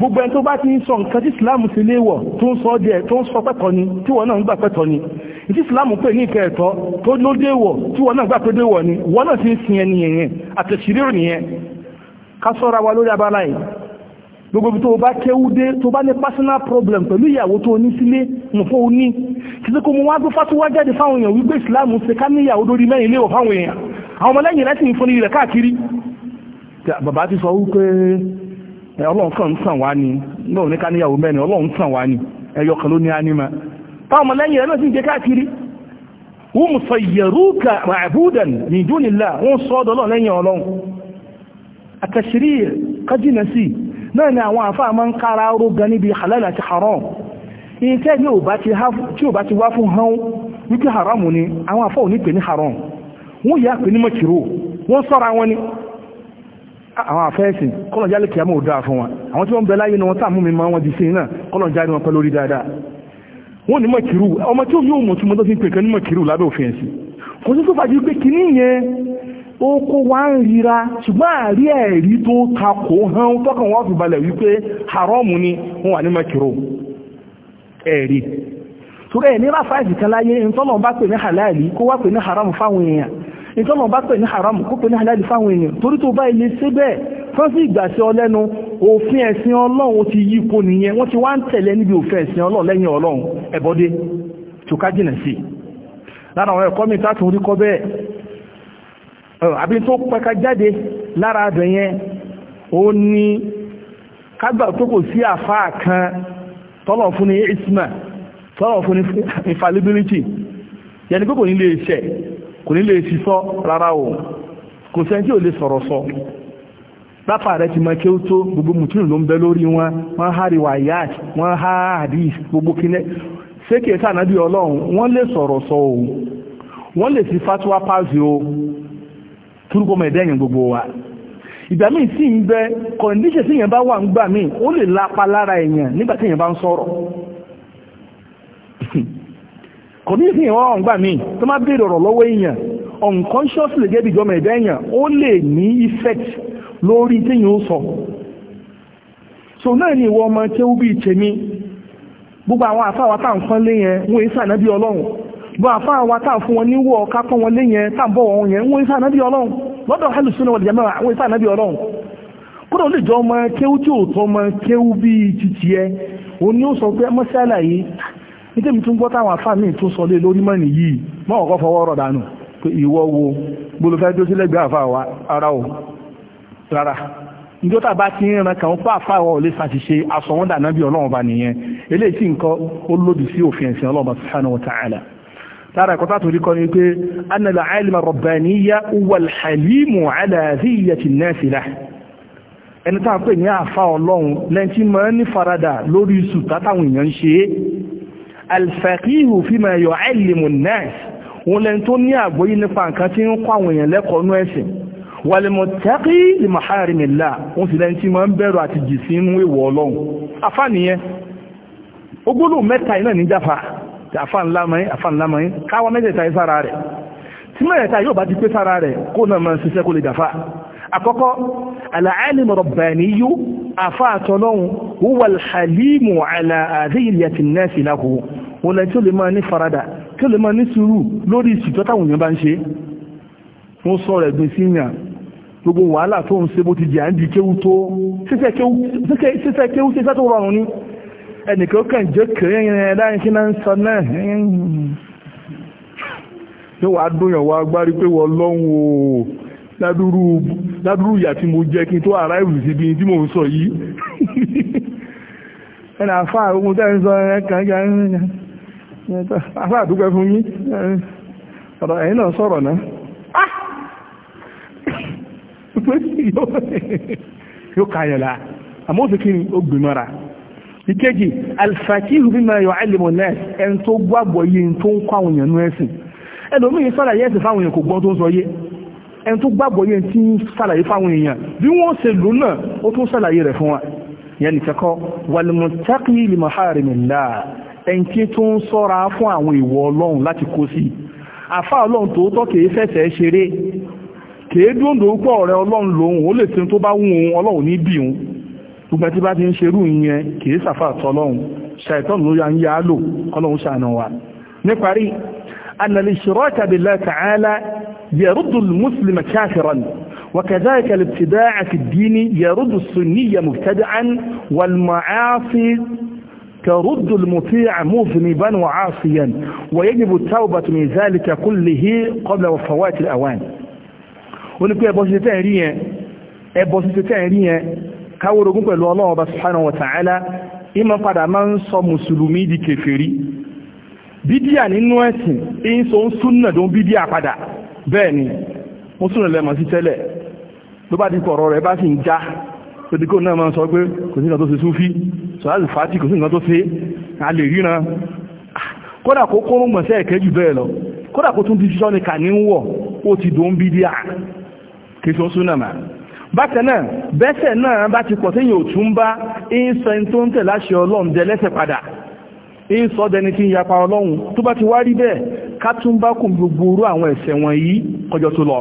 Speaker 1: gbogbo ẹni tó bá ti ń sọ nǹkan tí islam ti léwọ̀ tó ń sọ díẹ̀ tó ń sọ pẹ́tọ́ ni tí wọ́n náà ń gbà pẹ́tọ́ ni ìtí islam pè ní ìkẹ́ ẹ̀tọ́ tó ló déwọ̀ tí wọ́n náà gbà pé déwọ̀ ni wọ́n náà ti ń sin ẹni yẹn àtẹ̀sírí nìyẹn ká wa lórí abala yìí gbogbo tó bá kéwú dé tó bá ní personal problem pẹ̀lú ìyàwó tó ní sílé nǹkan ó ní kí tí kò mú wá gbé fásiwá jáde fáwọn èèyàn wípé islam ṣe ká ní ìyàwó lórí mẹ́rin léwọ̀ fáwọn èèyàn àwọn ọmọlẹ́yìn rẹ̀ sì ń fún ní ilẹ̀ káàkiri bàbá ti sọ wípé ọlọ́run kan ń tàn wá ni lóòrùn ní ká níyàwó mẹ́rin ọlọ́run tàn wá ni ẹyọ kan ló ní ánima táwọn ọmọlẹ́yìn rẹ̀ náà sì ń jẹ́ káàkiri wọ́n mú sọ yẹ̀rúkà ma'budan min dunillah wọ́n sọ ọ́dọ̀ ọlọ́run lẹ́yìn ọlọ́run àtàṣírí kájínà sí náà ni àwọn àfáà máa ń kára ró gan níbi halal àti haram iṣẹ́ ní ò bá ti wá fún hàn wípé haram ni àwọn àfáà ò ní pè ní haram wọ́n yà pè ní mọ́kìrò wọ́n sọ́ra wọn ni àwọn àfẹ́ẹ̀sì kọ́lọ̀já lè kìí àmọ́ ò dáa fún wa àwọn tí wọ́n bẹ láyé ní wọn tààmú mi máa wọn di sí iná kọ́lọ̀já ni wọn pẹ́ lórí dáadáa wọ́n ní mọ̀kìrù ọmọ tí ó yóò mọ̀ túnmọ́ tó fi ń pè kan ní mọ̀kìrù lábẹ́ òfin ẹ̀sìn kò sí tó fàájú pé kìíní yẹn ó kó wá ń rira ṣùgbọ́n àrí ẹ̀rí tó takò hàn tọ́kàn wọ́n fi balẹ̀ wípé haramu ni wọ́n wà ní mọ̀kìrù ẹ̀rí tó ẹ̀ ní ráfáìsì kan láyé ń tọ́lọ̀ bá pè ní halali kó wá pè ní haramu fáwọn èèyàn ìtọ́nà bá pè ní haram kó pè ní halal fáwọn èèyàn torí tó bá ilé sí bẹ́ẹ̀ fọ́n sí ìgbà sí ọlẹ́nu òfin ẹ̀sìn ọlọ́run ti yí ipò nìyẹn wọ́n ti wá ń tẹ̀lé níbi òfin ẹ̀sìn ọlọ́run lẹ́yìn ọlọ́run ẹ̀bọ́dé tó ká jìnà sí lára àwọn ẹ̀kọ́ mi tátùn rí kọ́ bẹ́ẹ̀ àbí tó pẹ́ka jáde lára abẹ̀ yẹn ó ní kágbà tó kò sí àfáà kan tọ́lọ̀ fún ní isma tọ́lọ̀ fún ní infallibility yẹni kókò nílé iṣẹ́ kò ní lè fi sọ rárá o kò sẹ́ni tí ò lè sọ̀rọ̀ sọ lápá rẹ̀ ti mọ tó gbogbo mùtúnù ló ń bẹ lórí wọn wọ́n há riwayat wọ́n há hadith gbogbo kílẹ̀ sékè sànàbí ọlọ́run wọ́n lè sọ̀rọ̀ sọ o wọ́n lè fi fatuwa paasi wa ìgbà míì sì ń bẹ kọ̀ǹdíṣẹ̀ sí yẹn bá wà ń gbà míì ó kò ní ìsìn ìwọ́n ọ̀ngbà míì tó má bèèrè ọ̀rọ̀ lọ́wọ́ èèyàn unconsciously débi ìjọba ẹ̀dá èèyàn ó lè ní effect lórí téèyàn ó sọ so náà ni ìwọ ọmọ tẹ́wú bíi tèmi gbogbo àwọn àfáwà tá à ń pọ́n lé yẹn ọlọ́run gbogbo tá à fún wọn níwọ̀ ká pọ́n wọn lé yẹn tá à ń bọ̀ wọn yẹn wọ́n ọlọ́run lọ́dọ̀ nítorí mi tún gbọ́ táwọn afáàmì tún sọ lé lórí mọ́ni yìí mọ́ ọ̀kọ́ fọwọ́ rọ̀ dànù pé ìwọ wo gbolo fẹ́ dó sílẹ̀gbẹ́ àfa wa ara o rárá níjọ́ bá ti ń ran kàn pa àfa wa ò lè ṣàṣìṣe aṣọ dànù bí ọlọ́run bá nìyẹn eléyìí tí nǹkan ó lòdì sí òfin ẹ̀sìn ọlọ́run subhanahu wa ta'ala lára ẹ̀kọ́ tàbí kọ́ ní pé annala alima rabbaniya wal halimu ala ziyati nasila ẹni tá a pè ní àfa ọlọ́run lẹ́yìn máa ń ní farada lórí sùtá táwọn èèyàn ń ṣe é alfaqihu fima yu'allimu an-nas òun lẹ́ni tó ní àgbóyí nípa nǹkan tí ń kọ́ àwọn èèyàn lẹ́kọ̀ọ́ nú ẹ̀sìn wàlìmọ̀tẹ́kì li maharimillah òun sì lẹ́ni tí máa ń bẹ̀rù àti jì sí inú ìwọ̀ ọlọ́run afá nìyẹn ogbólò mẹ́ta iná ní jáfa afá ńlá mọ́yìn afá ńlá mọ́yìn káwa mẹ́tẹ̀ẹ̀ta yìí sára rẹ̀ tí mẹ́tẹ̀ẹ̀ta yóò bá ti pé sára rẹ̀ kó náà máa ṣiṣẹ́ kó lè jáfa àkọ́kọ́ al-alim rabbaniyu àfáàtọ́lọ́hun huwa al-halimu ala adhiyati an-nasi lahu wọn lẹ́ tí ó lè máa ní farada tí ó lè máa ní sùúrù lórí ìsìtọ́ táwọn èèyàn bá ń ṣe wọ́n yóò wá dóyàn wá pé wọ́n lọ́hùn ládúrú ládúrú ìyà tí mo jẹ́ kí n tó arrive sí ibi tí mò ń sọ yìí ẹnà àfáà ogun tẹ́ ń sọ ẹ̀kan gan àfáà dúpẹ́ fún yín ọ̀rọ̀ ẹ̀yin náà sọ̀rọ̀ náà ah! yóò kààyàn láà àmọ́ òsì kí ni ó gbìmọ̀ra ìkejì alfakihu bima yu'allimu an-nas ẹni tó gbàgbọ́ yìí tó ń kọ́ àwọn èèyàn nú ẹ̀sìn ẹlòmíì sọ́dà yẹ́sìn fáwọn èèyàn kò gbọ́ tó ń sọ yé ẹni tó gbàgbọ́ yẹn ti ń ṣàlàyé fáwọn èèyàn bí wọ́n ṣe lò náà ó tún ṣàlàyé rẹ̀ fún wa yẹn nìkan kọ́ wàlùmọ̀tákì lìmọ̀hárìmìlá ẹni tí tó ń sọ́ra fún àwọn ìwọ ọlọ́run láti kó sí àfa ọlọ́run tòótọ́ kìí fẹsẹ̀ ṣeré kìí dúndò pọ̀ ọ̀rẹ́ ọlọ́run lòun ó lè sin tó bá wù ọlọ́run ní bì gbogbo ẹtí bá ti ń ṣerú ìyẹn kìí ṣàfà tọ́lọ́run ṣàìtọ́nù ló ya yá lò ọlọ́run ṣàánú wa níparí annalishirọ́ta billahi ta'ala يرد المسلم كافرا وكذلك الابتداع في الدين يرد السني مبتدعا والمعاصي ترد المطيع مذنبا وعاصيا ويجب التوبة من ذلك كله قبل وفوات الأوان ونقول يا بوسي تهرية يا بوسي تهرية كاور gún pẹ̀lú ọlọ́ọ̀bá سبحانه وتعالى إما قد أمان máa ń sọ mùsùlùmí di kèfèrí bídíà nínú ẹ̀sìn èyí sọ ń súnnà bẹ́ẹ̀ ni mo súnà lẹ́mọ̀ sí tẹ́lẹ̀ ló bá ti kọ̀rọ̀ rẹ̀ bá sì ń já lódíkò náà máa sọ pé kò sí nǹkan tó ṣe súnfí sọ́láàzì fàájì kò sí nǹkan tó ṣe a lè ríran kódà kó kó mọ̀ sí ẹ̀kẹ́ jù bẹ́ẹ̀ lọ kódà kó tún ti ṣọ́ ní kàní ń wọ̀ ó ti dùn bí díà kì í ṣe súnà mà bákan náà bẹ́sẹ̀ náà bá ti pọ̀ séyìn òtún bá ń sọ tó ń tẹ̀ láṣẹ ọlọ́run jẹ lẹ́sẹ̀ padà ń sọ dẹni tí ń yapa ọlọ́run tó bá ti wá rí bẹ́ẹ̀ ká tún bá kùn gbogbo orú àwọn ẹ̀ṣẹ̀ wọ̀nyí kọjọ tó lọ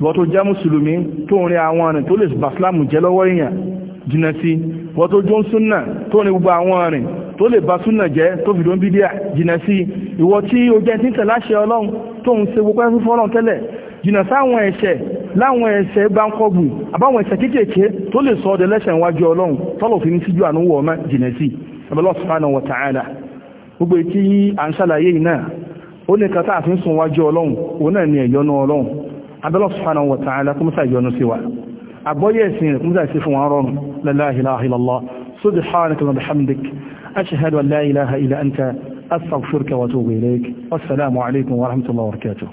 Speaker 1: wọ́n tó jẹ́ mùsùlùmí tó ń rin àwọn ọ̀rìn tó lè bà sílámù jẹ́ lọ́wọ́ èèyàn jìnà sí wọ́n tó jó ń súnà tó ń rin gbogbo àwọn ọ̀rìn tó lè bà súnà jẹ́ tó fi dóń bídíà jìnà sí ìwọ tí ó jẹ́ tí ń tẹ̀lé àṣẹ ọlọ́run tó ń ṣe gbogbo ẹ̀fún fọ́lọ́n tẹ́lẹ̀ jìnà sáwọn ẹ̀ṣẹ̀ láwọn ẹ̀ṣẹ̀ gbáǹkọ́gbù àbáwọn ẹ̀ṣẹ̀ kéékèèké tó lè sọ ọdẹ lẹ́ṣẹ̀ wájú ọlọ́run tọ́lọ̀ fi ní síjú àánú wọ̀ ọmọ jìnà sí Allah subhanahu wa ta'ala gbogbo tí a ń ṣàlàyé yìí náà ó ní kata àfin sun wájú ọlọ́run òun náà ni ẹ̀yọ́nú ọlọ́run Allah subhanahu wa ta'ala kó mọ́sá ìyọ́nú sí wa àgbọ́yé ẹ̀sìn rẹ̀ kó sí fún wa rọrùn la